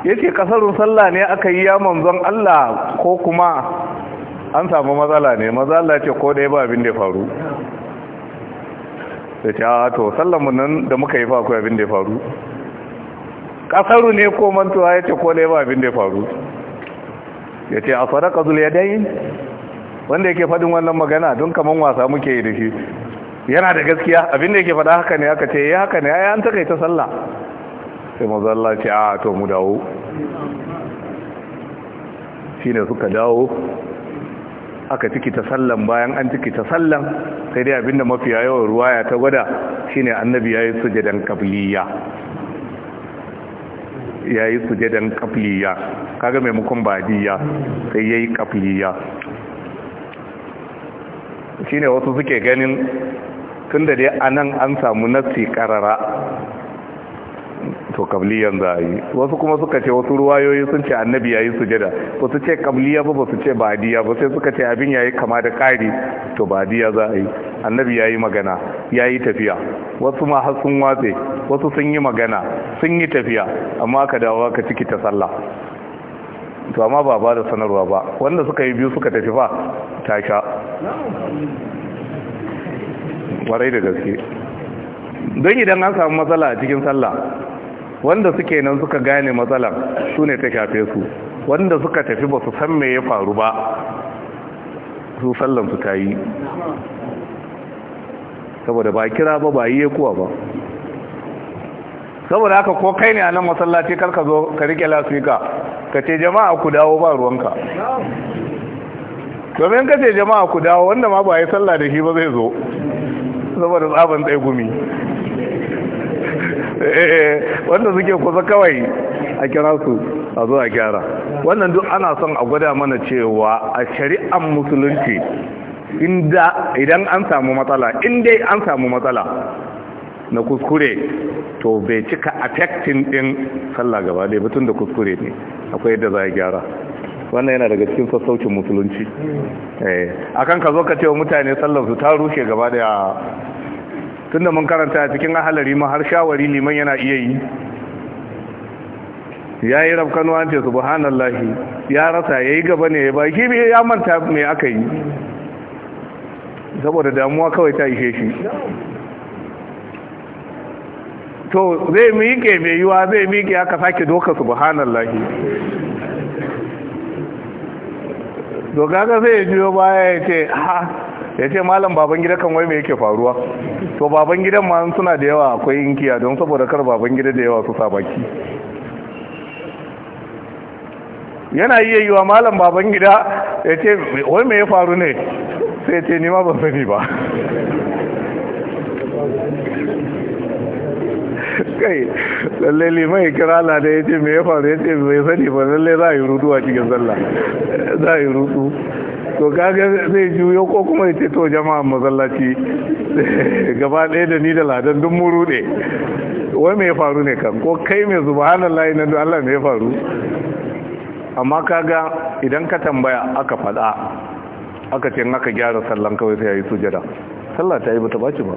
ya ce kasarun sallah ne aka yi ya manzon Allah ko kuma an samu matsala ne matsala ce ko ɗaya ba abin da ya faru da ta ah, to sallamu nan da muka yi fa ku abin da ya faru kasaru ne ko mantuwa ya ko da ya ba abin da ya faru ya ce a sadaka zul ya wanda yake faɗin wannan magana don kaman wasa muke yi da shi yana da gaskiya abin da yake fada haka ne aka ce ya eh, haka ne ya an takaita salla sai mazu ce a ah, to mu dawo shi ne suka dawo aka ciki ta sallan bayan an ciki ta sallan sai dai abinda mafiya yawan ruwaya ta gwada shine annabi yayi sujadan qabliya yayi sujadan qabliya kaga maimakon badiya sai yayi qabliya shine wasu suke ganin tunda dai anan an samu nasi karara to kabliyan za a yi wasu kuma suka ce wasu ruwayoyi sun ce annabi ya yi sujada ba su ce kabliya ba ba su ce badiya ba sai suka ce abin ya yi kama da ƙari to badiya za a yi annabi ya yi magana ya yi tafiya wasu ma har sun watse wasu sun yi magana sun yi tafiya amma ka dawo ka ciki ta sallah to amma ba ba da sanarwa ba wanda suka yi biyu suka tafi fa ta sha warai da gaske don idan an samu matsala a cikin sallah wanda suke nan suka gane matsalar su ne ta shafe su wanda suka tafi ba su san me ya faru ba su sallan su ta yi saboda ba kira ba ba yi ya kuwa ba saboda haka ko kai ne a nan masallaci kar ka zo ka rike lasifika ka ce jama'a ku dawo ba ruwanka domin ka ce jama'a ku dawo wanda ma ba yi sallah da shi ba zai zo saboda tsabon tsaye gumi Eh, wanda suke kusa kawai a kira su a zo a gyara wannan duk ana son a gwada mana cewa a shari'an musulunci idan an samu matsala dai an samu matsala na kuskure to bai cika affectin din sallah gaba dai batun da kuskure ne akwai yadda za a gyara wannan yana daga cikin sassaucin musulunci eh, akan ka zo ka ce wa mutane sallar su ta rushe gaba da tunda mun karanta cikin ahalari ma har shawari liman yana iya yi ya yi rafkanuwa ce subhanallahi ya rasa ya yi gaba ne ya ba shi ya manta mai aka yi saboda damuwa kawai ta ishe shi to zai miƙe mai yiwa zai miƙe aka sake doka subhanallahi to kaga zai jiyo baya ya ce ha ya ce malam baban gida kan wai mai yake faruwa to baban gidan ma suna da yawa akwai inkiya don saboda kar baban gida da yawa su sa baki yana iya yi wa malam baban gida ya ce wai mai ya faru ne sai ce nima ban sani ba kai lalle liman ya kira Allah da ya ce mai ya faru ya ce mai sani ba lalle za a yi rudu a cikin zalla za a yi rudu to gaga zai juyo ko kuma ya ce to jama'a masallaci gaba ɗaya da ni da ladan duk muru ne wai me ya faru ne kan ko kai mai layi na duk Allah me ya faru amma kaga idan ka tambaya aka faɗa aka ce aka gyara sallan kawai sai yi sujada sallah ta yi bata baci ba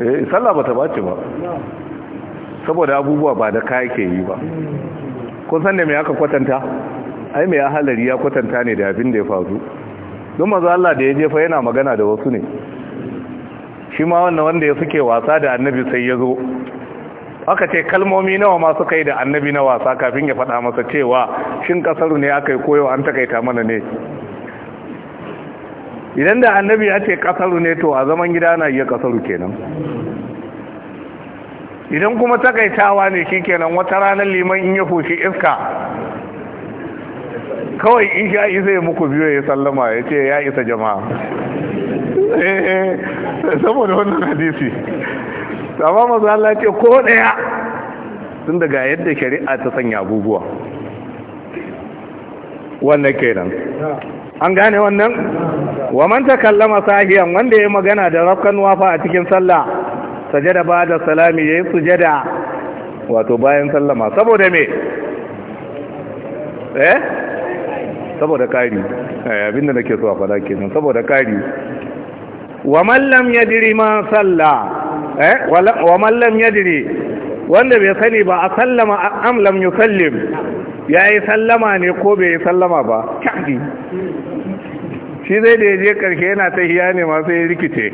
eh sallah bata baci ba saboda abubuwa ba da kayake yi ba kun san da me aka kwatanta ai mai ahalari ya kwatanta ne da abin da ya faru don mazu Allah da ya jefa yana magana da wasu ne shi ma wannan wanda ya suke wasa da annabi sai ya zo aka ce kalmomi nawa ma suka yi da annabi na wasa kafin ya faɗa masa cewa shin ƙasaru ne aka yi koyo an takaita mana ne idan da annabi ya ce ƙasaru ne to a zaman gida na iya ƙasaru kenan idan kuma takaitawa ne shi kenan wata ranar liman in ya fushi iska kawai in ya isa ya muku biyu ya sallama ya ce ya isa jama'a eh, saboda wannan hadisi amma maza Allah ce ko daya. sun daga yadda shari'a ta sanya abubuwa wannan kenan an gane wannan wa man takallama sahiyan wanda ya magana da rafkan wafa a cikin sallah sajada ba da salami yayi sujada wato bayan sallama saboda me eh saboda kari eh, abinda nake so a faɗa kenan saboda kari wa mallam yadri ma salla eh wa mallam diri wanda bai sani ba a sallama am lam yusallim yayi sallama ne ko bai sallama ba kadi shi zai da je karshe yana ta hiya ne ma sai rikice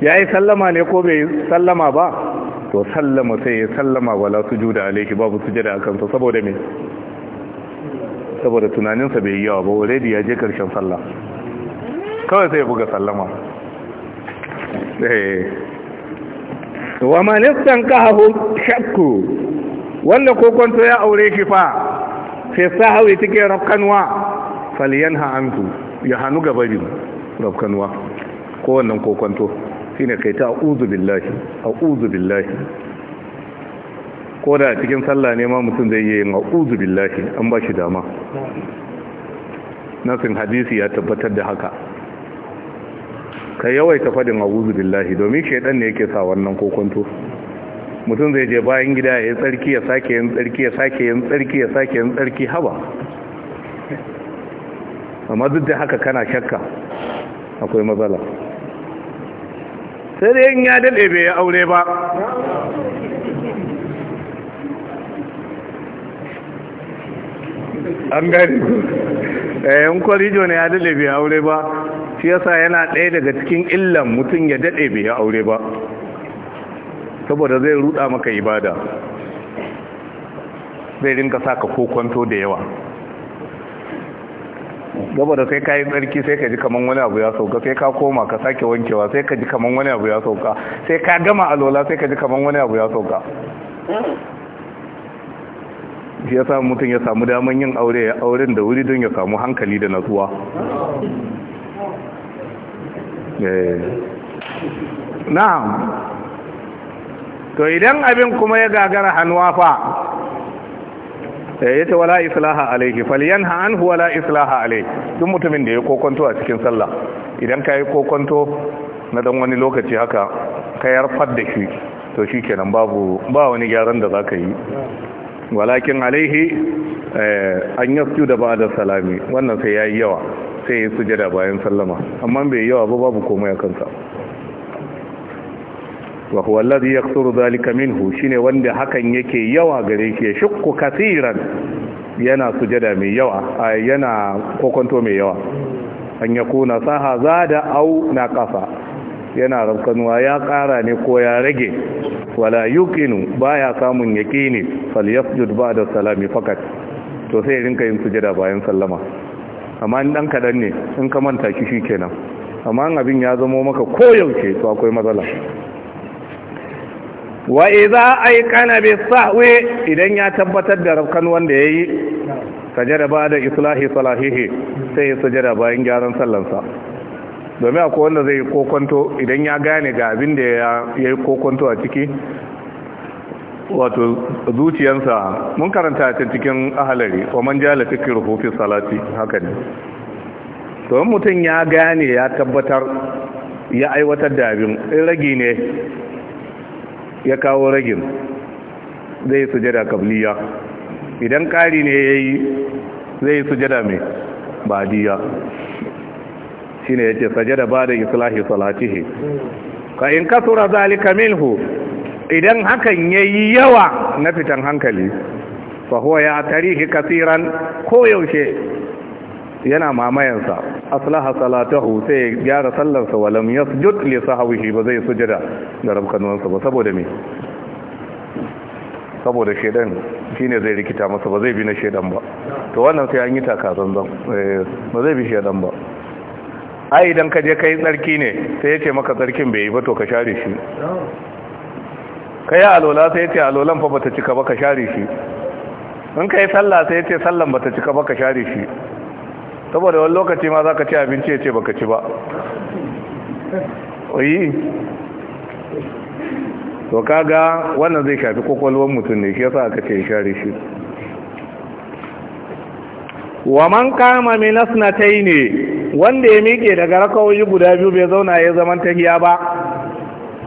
yayi sallama ne ko bai sallama ba to sallama sai ya sallama wala sujuda alayhi babu sujuda akan sa saboda me saboda tunaninsa bai yi yawa ba already ya je karshen sallah kawai sai ya buga sallama eh. wa manistan kahu shakku wanda kokonto ya aure shi fa sai sa hawi take rafkanwa falyanha anku ya hanu gabari rafkanwa ko wannan kokonto shine kai ta a'udhu billahi a'udhu billahi ko da cikin sallah ne ma mutum zai yi ma'uzu billahi an ba shi dama nasin hadisi ya tabbatar da haka ka yawaita fadin ma'uzu billahi domin shaidan ne yake sa wannan kokonto mutum zai je bayan gida ya tsarki ya sake yin tsarki ya sake yin tsarki ya sake yin tsarki haba amma duk da haka kana shakka akwai matsala sai dai in ya dade bai ya aure ba an gane eh, in kwarijo ne ya dade bai aure ba shi yasa yana ɗaya daga cikin illan mutum ya dade bai aure ba saboda zai ruda maka ibada zai rinka saka kokonto da yawa gaba da sai ka yi tsarki sai ka ji kaman wani abu ya sauka sai ka koma ka sake wankewa sai ka ji kaman wani abu ya sauka sai ka gama alola sai ka ji kaman wani abu ya sauka shi ya samu mutum ya samu daman yin aure ya auren da wuri don ya samu hankali da natsuwa eh. na'am to idan abin kuma ya gagara hannuwa fa eh, ya ce wala islaha alaihi falyan ha'anhu wala islaha alaihi duk mutumin da ya kokonto a cikin sallah idan ka yi kokonto na dan wani lokaci haka ka yarfar da shi to shi kenan babu ba wani gyaran da za ka yi walakin alaihi eh, an yasju da ba da salami wannan sai ya yi yawa sai ya sujada bayan sallama amma bai yawa ba babu komai a kansa wa huwa alladhi yaqsuru dhalika minhu shine wanda hakan yake yawa gare shi shukku kasiran, yana sujada mai yawa yana kokonto mai yawa an kuna saha zada au na kafa. yana rafkanuwa ya kara ne ko ya rage wala yuqinu baya samun yaqini falyasjud ba'da salami fakat to sai rinka yin sujada bayan sallama amma in dan kadan ne in ka manta ki shikenan amma in abin ya zama maka koyaushe to akwai matsala wa idza ayqana bis sahwi idan ya tabbatar da rafkan wanda yayi sajada ba'da da islahi salahihi sai sujada bayan gyaran sallansa domin akwai wanda zai kokonto idan ya gane ga abin da ya yi kokonto a ciki wato zuciyansa mun karanta ta cikin ahalari wa man da fikir hufi salati haka ne domin mutum ya gane ya tabbatar ya aiwatar da abin in ragi ne ya kawo ragin zai sujada kabliya idan kari ne ya yi zai sujada mai badiya shine yace sajada bada islahi salatihi ka in kasura zalika minhu idan hakan yayi yawa na fitan hankali fa huwa ya tarihi kasiran ko yaushe yana mamayansa aslaha salatahu sai ya gyara sallarsa walam yasjud li sahwihi ba zai sujada da rabkanuwansa ba saboda me saboda shedan shine zai rikita masa ba zai bi na shedan ba to wannan sai an yi taka zanzan eh, ba zai bi shedan ba ai idan ka je kai tsarki ne sai ya ce maka tsarkin bai yi ba to ka share shi ka yi alola sai ya ce alolan fa bata cika ba ka share shi in kai sallah sai ya ce sallan bata cika ba ka share shi saboda wani lokaci ma za ka ci abinci ya ce baka ci ba oyi to kaga wannan zai shafi kwakwalwar mutum ne shi yasa aka ce share shi wa man kama min yi ne wanda ya miƙe daga rakawoyi guda biyu bai zauna ya zaman tahiya ba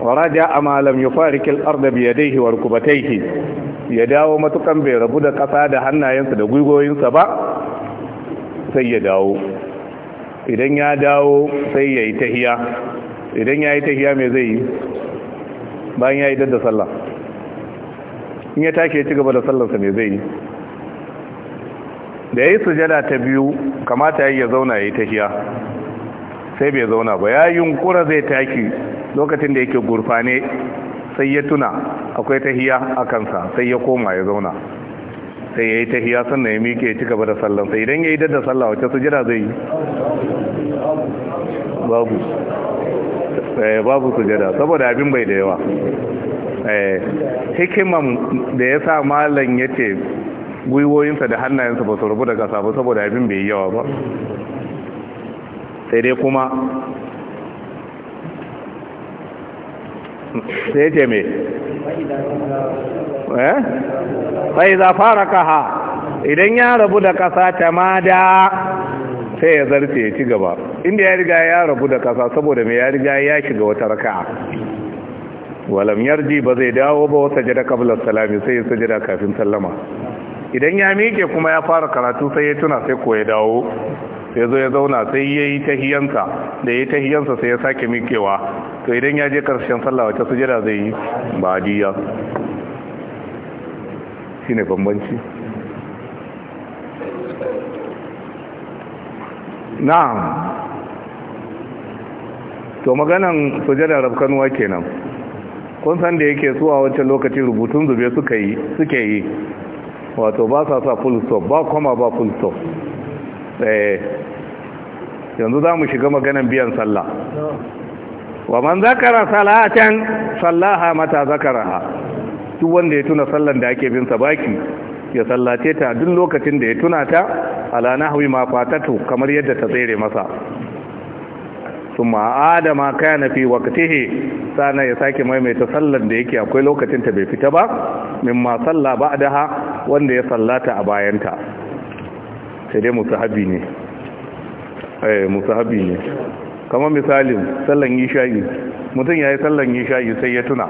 waraja a malam ya fari kil arda biya daihi wa rukubataihi ya dawo matukan bai rabu da ƙasa da hannayensa da gwiwoyinsa ba sai ya dawo idan ya dawo sai ya yi tahiya idan ya yi tahiya mai zai yi bayan ya yi dadda sallah in ya take ya ci gaba da sallarsa mai zai yi da ya yi sujada ta biyu kamata ya yi zauna ya yi tahiya sai bai zauna ba ya yi kura zai taki lokacin da yake gurfane sai ya tuna akwai tahiya a kansa sai ya koma ya zauna sai ya yi tahiya sannan ya mike ya ci gaba da sallan sai idan ya yi dadda sallah wacce sujada zai yi babu eh, babu sujada saboda abin bai da yawa eh, hikiman da ya sa malam ya ce gwiwoyinsa da hannayensa ba su rabu da kasa ba saboda abin bai yawa ba sai dai kuma sai ce mai eh sai za fara kaha idan ya rabu da kasa tamada sai ya zarce ya ci gaba inda ya riga ya rabu da kasa saboda mai ya riga ya shiga wata raka'a walam yarji ba zai dawo ba wata jada kablar salami sai ya sajada kafin sallama idan ya miƙe kuma ya fara karatu sai ya tuna sai ko ya dawo sai zo ya zauna sai ya yi tahiyansa da ya yi tahiyansa sai ya sake miƙewa to idan ya je karshen sallah wata sujada zai yi ba shi shine bambanci Na. to maganan sujada rafkanuwa kenan kun san da yake zuwa wancan lokacin rubutun zube suka suke yi wato ba sa sa full stop ba kuma ba full stop eh, yanzu za mu shiga maganan biyan sallah wa man zakara salatan sallaha mata zakaraha duk wanda ya tuna sallan da ake bin sa baki ya sallace ta duk lokacin da ya tuna ta ala nahwi ma fatatu kamar yadda ta tsere masa summa adama kana fi waqtihi sana ya sake maimaita sallar da yake akwai lokacin ta bai fita ba ma salla ba'daha wanda ya sallata a bayanta sai dai musahabi ne eh musahabi ne kamar misalin sallan isha'i mutum yayi sallan isha'i sai ya tuna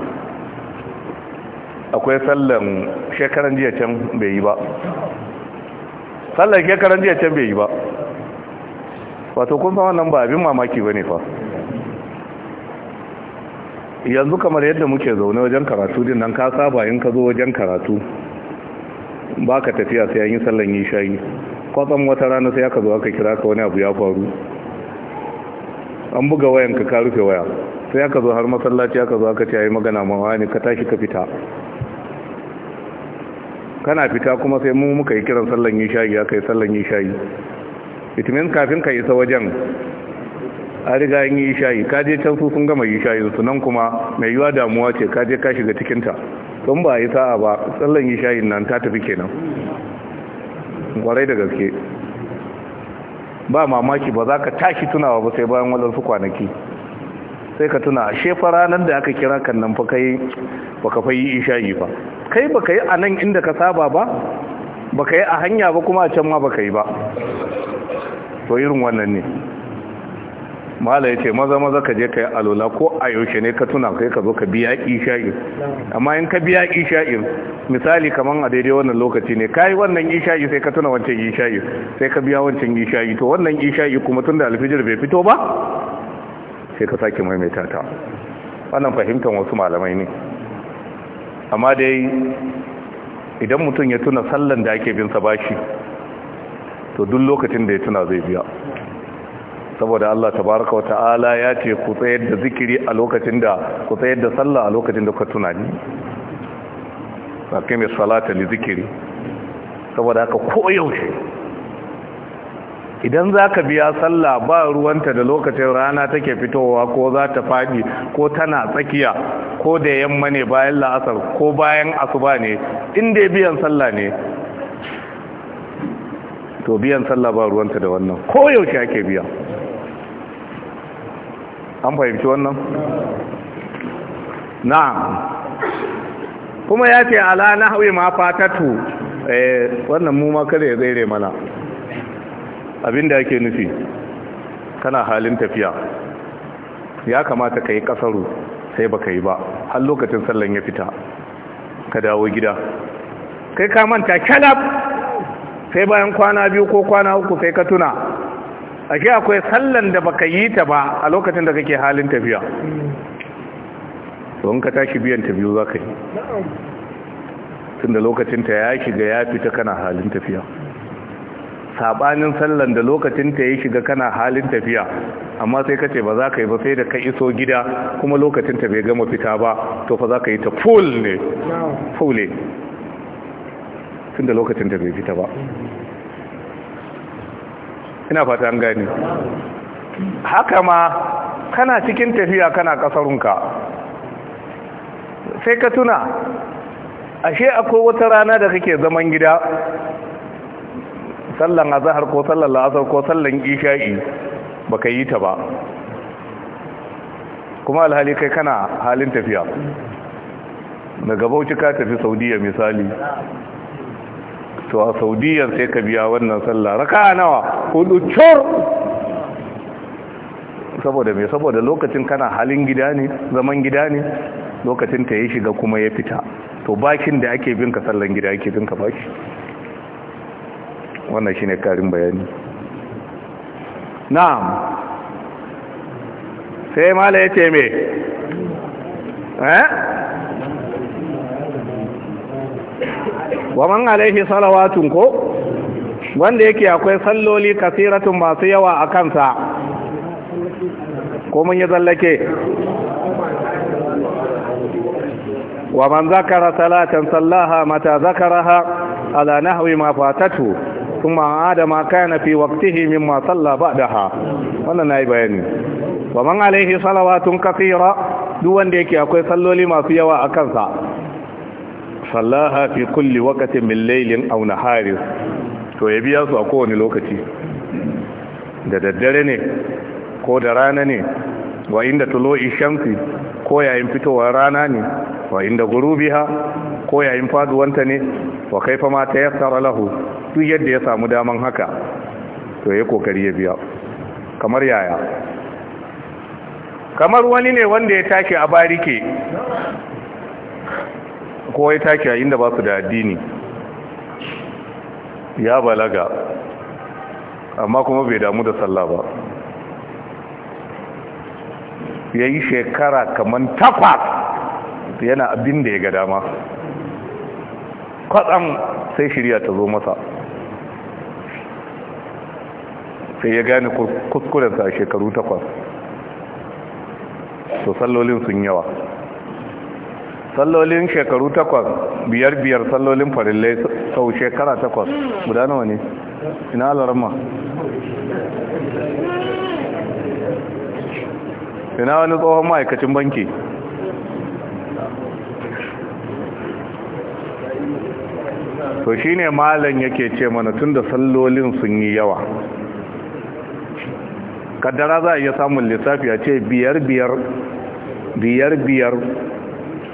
akwai sallan shekaran jiya can bai yi ba sallan shekaran jiya can bai yi ba wato kun san wannan ba abin mamaki bane fa yanzu kamar yadda muke zaune wajen karatu din nan ka saba in ka zo wajen karatu ba ka tafiya sai an yi sallan yin shayi kwatsam wata rana sai aka zo aka kira ka wani abu ya faru an buga wayan ka ka rufe waya sai aka zo har masallaci aka zo aka ce yi magana ma wani ka tashi ka fita kana fita kuma sai mu muka yi kiran sallan yin shayi aka yi sallan yin shayi it means kafin ka isa wajen a riga yin yi shayi ka je can sun gama ishayin su nan kuma mai yiwa damuwa ce ka je ka shiga cikinta don ba a yi sa'a ba tsallan ishayin nan ta tafi kenan kwarai da gaske ba mamaki ba za ka tashi tunawa ba sai bayan wadansu kwanaki sai ka tuna fara nan da aka kira kan nan fa kai baka fa yi ishayi ba kai baka yi a nan inda ka saba ba baka yi a hanya ba kuma a can ma baka yi ba to irin wannan ne mala ya ce maza maza ka je ka yi alola ko a yaushe ne ka tuna kai ka zo ka biya isha'ir amma in ka biya isha'ir misali kaman a daidai wannan lokaci ne ka yi wannan isha'i sai ka tuna wancan isha'i sai ka biya wancan isha'i to wannan isha'i kuma tun da alfijir bai fito ba sai ka sake maimaita ta wannan fahimtar wasu malamai ne amma dai idan mutum ya tuna sallan da ake bin sa bashi to duk lokacin da ya tuna zai biya saboda Allah tabaraka wata'ala ya ce ku tsayar da zikiri a lokacin da ku tsayar da sallah a lokacin da ku tunani akai mai salata li zikiri saboda haka koyaushe idan za ka biya sallah ba ruwanta da lokacin rana take fitowa ko za ta faɗi ko tana tsakiya ko da yamma ne bayan la'asar ko bayan asuba ne inda ya biyan sallah ne to biyan sallah ba ruwanta da wannan koyaushe ake biya an fahimci wannan Na. kuma ya ce ala nahwi ma fatatu eh, wannan mu ma kada ya zaire mana abinda yake nufi kana halin tafiya ya kamata ka yi kasaru sai baka yi ba har lokacin sallan ya fita ka dawo gida kai ka manta sai bayan kwana biyu ko kwana uku sai ka tuna ashe akwai sallan da baka yi ta ba a lokacin da kake halin tafiya don ka tashi biyan ta biyu za ka yi tunda lokacinta ya shiga ya fita kana halin tafiya sabanin sallan da lokacinta ya shiga kana halin tafiya amma sai ka ce ba za ka yi ba sai da ka iso gida kuma lokacinta bai gama fita ba to fa za ka yi ta full ne full ne tunda lokacinta bai fita ba ina fata an gani haka ma kana cikin tafiya kana kasarunka sai ka tuna ashe akwai wata rana da kake zaman gida sallan azahar ko sallan la'asar ko sallan isha'i baka yi ta ba kuma alhali kai kana halin tafiya daga bauchi ka tafi saudiya misali to a saudiyan sai ka biya wannan sallah raka nawa hudu cur saboda mai saboda lokacin kana halin gida ne zaman gida ne lokacin ta ya shiga kuma ya fita to bakin da ake binka sallan gida ake binka baki wannan shine karin bayani na'am sai mala yace me eh wa man alaihi salawatun ko wanda yake akwai salloli kasiratun masu yawa a kansa ko mun yi zallake wa man zakara salatan sallaha mata zakaraha ala nahwi ma fatatu kuma ada ma kana fi waqtihi mimma salla ba'daha wannan nayi bayani wa man alaihi salawatun kasira duk wanda yake akwai salloli masu yawa a kansa sallaha fi kulli waqtin min laylin aw naharin to ya biya su a kowane lokaci da daddare ne ko da rana ne wa inda tulo'i shamsi ko yayin fitowar rana ne wa inda gurubiha ko yayin faduwanta ne wa kaifa ma ta yassara lahu duk yadda ya samu daman haka to ya kokari ya biya kamar yaya kamar wani ne wanda ya tashi a barike kowa ya take a inda ba su da addini ya balaga amma kuma bai damu da sallah ba ya yi shekara kamar takwas yana abin da ya ga dama kwatsam sai shirya ta zo masa sai ya gane kuskurensa a shekaru takwas to sallolin sun yawa sallolin shekaru takwas biyar biyar sallolin farillai sau shekara takwas guda nawa ne ina alarma ina wani tsohon ma'aikacin banki to shi ne malam yake ce mana tun da sallolin sun yi yawa kaddara za a iya samun lissafi a ce biyar biyar biyar biyar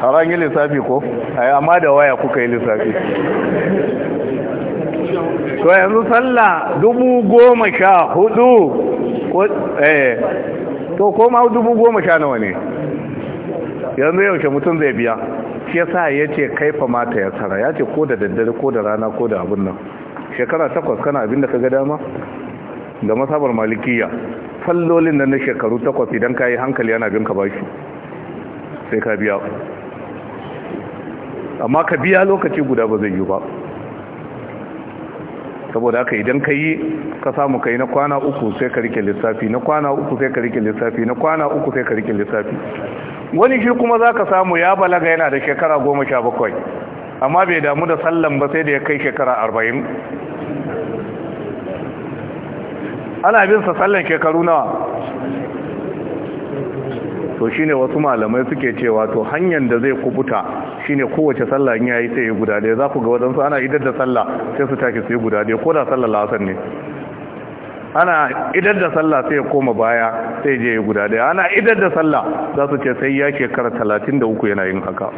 haram an yi lissafi ko ai amma da waya kuka yi lissafi to yanzu sallah dubu goma sha hudu eh to koma dubu goma sha nawa ne yanzu yaushe mutum zai biya shi yasa ya ce kaifa mata ya tsara ya ce ko da daddare ko da rana ko da abin nan shekara takwas kana abin da ka ga dama da masabar malikiya fallolin nan na shekaru takwas idan ka yi hankali yana bin ka bashi sai ka biya amma ka biya lokaci guda ba zai yi ba saboda haka idan ka yi ka samu kai na kwana uku sai ka rike lissafi na kwana uku sai ka rike lissafi na kwana uku sai ka rike lissafi wani shi kuma za ka samu ya balaga yana da shekara goma sha bakwai amma bai damu da sallan ba sai da ya kai shekara arba'in ana bin sa sallan shekaru nawa to shine wasu malamai suke cewa to hanyar da zai kubuta shine kowace sallah in yayi sai ya guda daya za ku ga wadansu ana idar da sallah sai su take su yi guda daya ko da sallar lasar ne ana idar da sallah sai ya koma baya sai je ya guda daya ana idar da sallah za su ce sai ya shekara uku yana yin haka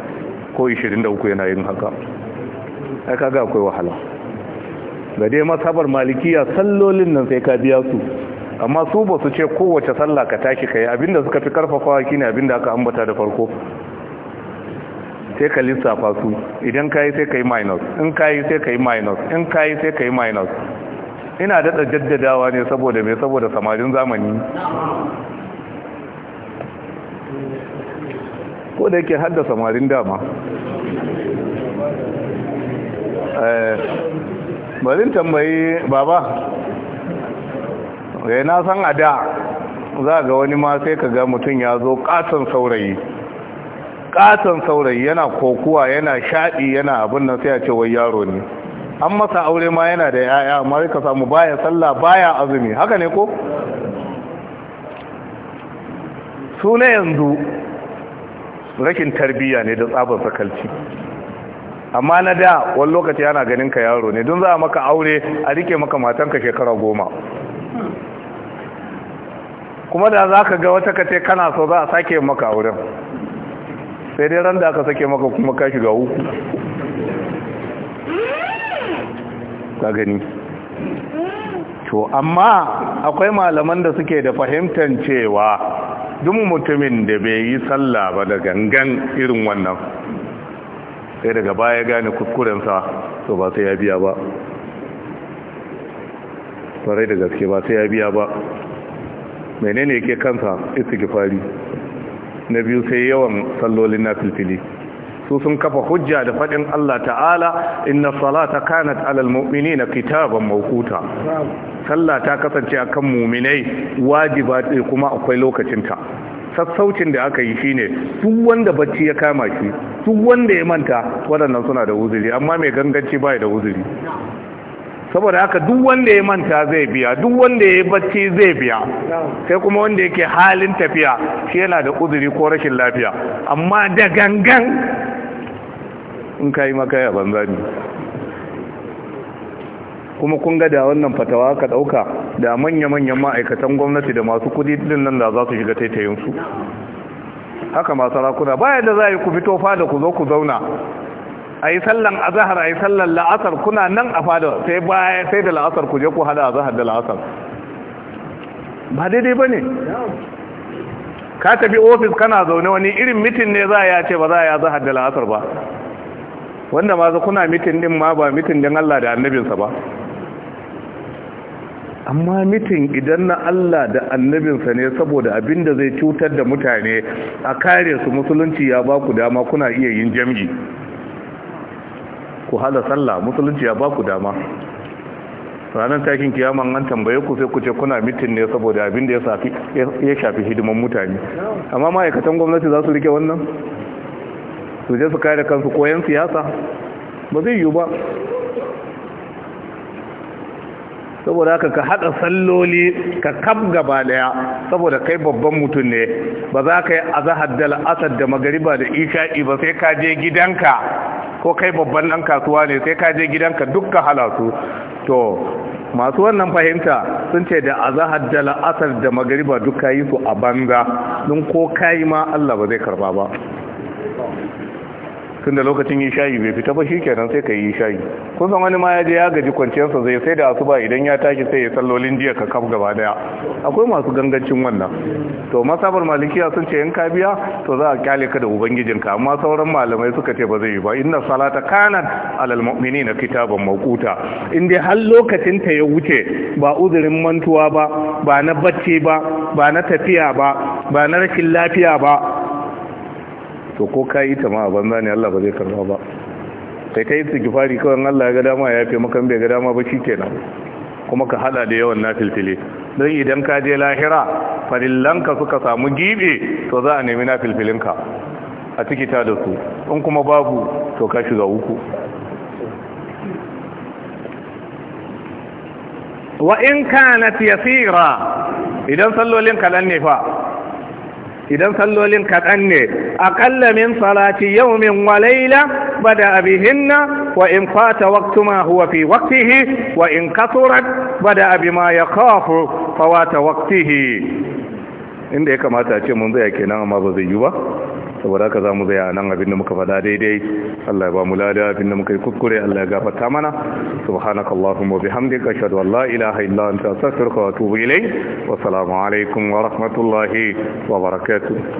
ko ishirin uku yana yin haka ai kaga akwai wahala da dai masabar malikiya sallolin nan sai ka biya su amma su ba su ce kowace sallah ka tashi kai abinda suka fi karfafawa kine abinda aka ambata da farko sai ka lissafa su idan ka yi sai ka yi minus in ka yi sai ka yi minus in ka yi sai ka yi minus ina daɗa jaddadawa ne saboda mai saboda samarin zamani ko da yake hadda samarin dama eh, bari tambayi baba sai eh, na san a da za ga wani ma sai ka ga mutum ya zo katon saurayi katon saurayi yana kokuwa yana shaɗi yana abin nan sai a ce wai yaro ne an masa aure ma yana da yaya amma sai ka samu baya sallah baya azumi haka ne ko su ne yanzu rakin tarbiyya ne da tsabar sakalci amma na da wani lokaci yana ganin ka yaro ne don za a maka aure a rike maka matanka shekara goma kuma da za ka ga wata kace kana so za a sake maka wurin sai dai ran da aka sake maka kuma ka shiga uku ka gani to amma akwai malaman da suke da fahimtar cewa duk mutumin da bai yi sallah ba da gangan irin wannan sai daga baya gane kuskurensa to ba sai ya biya ba farai da gaske ba sai ya biya ba menene yake kansa istighfari na biyu sai yawan sallolin na nafilfili su sun kafa hujja da fadin Allah ta'ala inna salata kanat alal na kitaban mawquta sallah ta kasance akan mu'minai wajiba kuma akwai lokacinta sassaucin da aka yi shine duk wanda bacci ya kama shi duk wanda ya manta waɗannan suna da uzuri amma mai ganganci bai da uzuri saboda haka duk wanda ya manta zai biya duk wanda ya bacci zai biya sai kuma wanda yake halin tafiya shi yana da uzuri ko rashin lafiya amma da gangan in kai makaya banza ne kuma kun ga da wannan fatawa ka dauka da manya-manyan ma'aikatan gwamnati da masu kudi din nan da za su shiga taitayinsu haka masu rakuna bayan da za a yi ku fito fada ku zo ku zauna a yi sallan azahar a yi sallan la'asar kuna nan a fada sai baya sai da la'asar ku je ku hada azahar da la'asar ba daidai ba ne ka tafi ofis kana zaune wani irin mitin ne za a ya ce ba za a yi da la'asar ba wanda ma za kuna mitin din ma ba mitin din Allah da annabinsa ba amma mitin idan na Allah da annabinsa ne saboda abin da zai cutar da mutane a kare su musulunci ya ba ku dama kuna iya yin jami'i. ku hada sallah musulunci ya baku dama ranar takin kiyaman an tambaye ku sai ku ce kuna mitin ne saboda abin da ya shafi hidiman mutane amma ma'aikatan gwamnati za su rike wannan su je su kare kansu koyan siyasa ba zai yiwu ba saboda haka ka hada salloli ka kab gaba daya saboda kai babban mutum ne ba za ka yi azahar da al'asar da magariba da isha'i ba sai ka je gidanka ko kai babban ɗan kasuwa ne sai ka je gidanka dukkan halasu to masu wannan fahimta sun ce da azahar da la'asar da magariba duka yi su a banza don ko kayi ma Allah ba zai karba ba tun da lokacin yi shayi bai fita ba shi Kenan sai ka yi shayi Kun san wani ma ya je ya gaji kwanciyarsa zai sai da asuba idan ya tashi sai ya sallolin jiya ka kaf gaba daya akwai masu gangancin wannan to masabar malikiya sun ce in ka biya to za a kyale ka da ubangijinka amma sauran malamai suka ce ba zai yi ba inna salata kanat alal mu'minina kitaban mawquta in dai har lokacin ta ya wuce ba uzurin mantuwa ba ba na bacci ba ba na tafiya ba ba na rashin lafiya ba to ko ka yi ta ma a banza ne Allah ba zai karba ba kai ka yi tsigifari kawai Allah ya ga dama ya fi makan bai ga dama ba kenan kuma ka hada da yawan nafilfile don idan ka je lahira farillanka suka samu gibe to za a nemi filfilinka a tikita da su in kuma babu to ka shiga uku wa in kanat yasira idan sallolin kalan ne fa idan sallolin kaɗan ne aƙalla min salati yawmin wa laila bada abihinna wa in fata waqtuma huwa fi waqtihi wa in kasurat bada abi ma yakhafu fawata waqtihi inda ya kamata a ce mun zai kenan amma ba zai yi ba saboda haka za mu zaya nan abinda muka faɗa daidai Allah ya ba mu lada abinda muka yi kuskure Allah ya gafarta mana subhanaka allahumma bihamdika ashhadu an la ilaha illa anta astaghfiruka wa atubu ilayk wa assalamu alaikum wa rahmatullahi wa barakatuh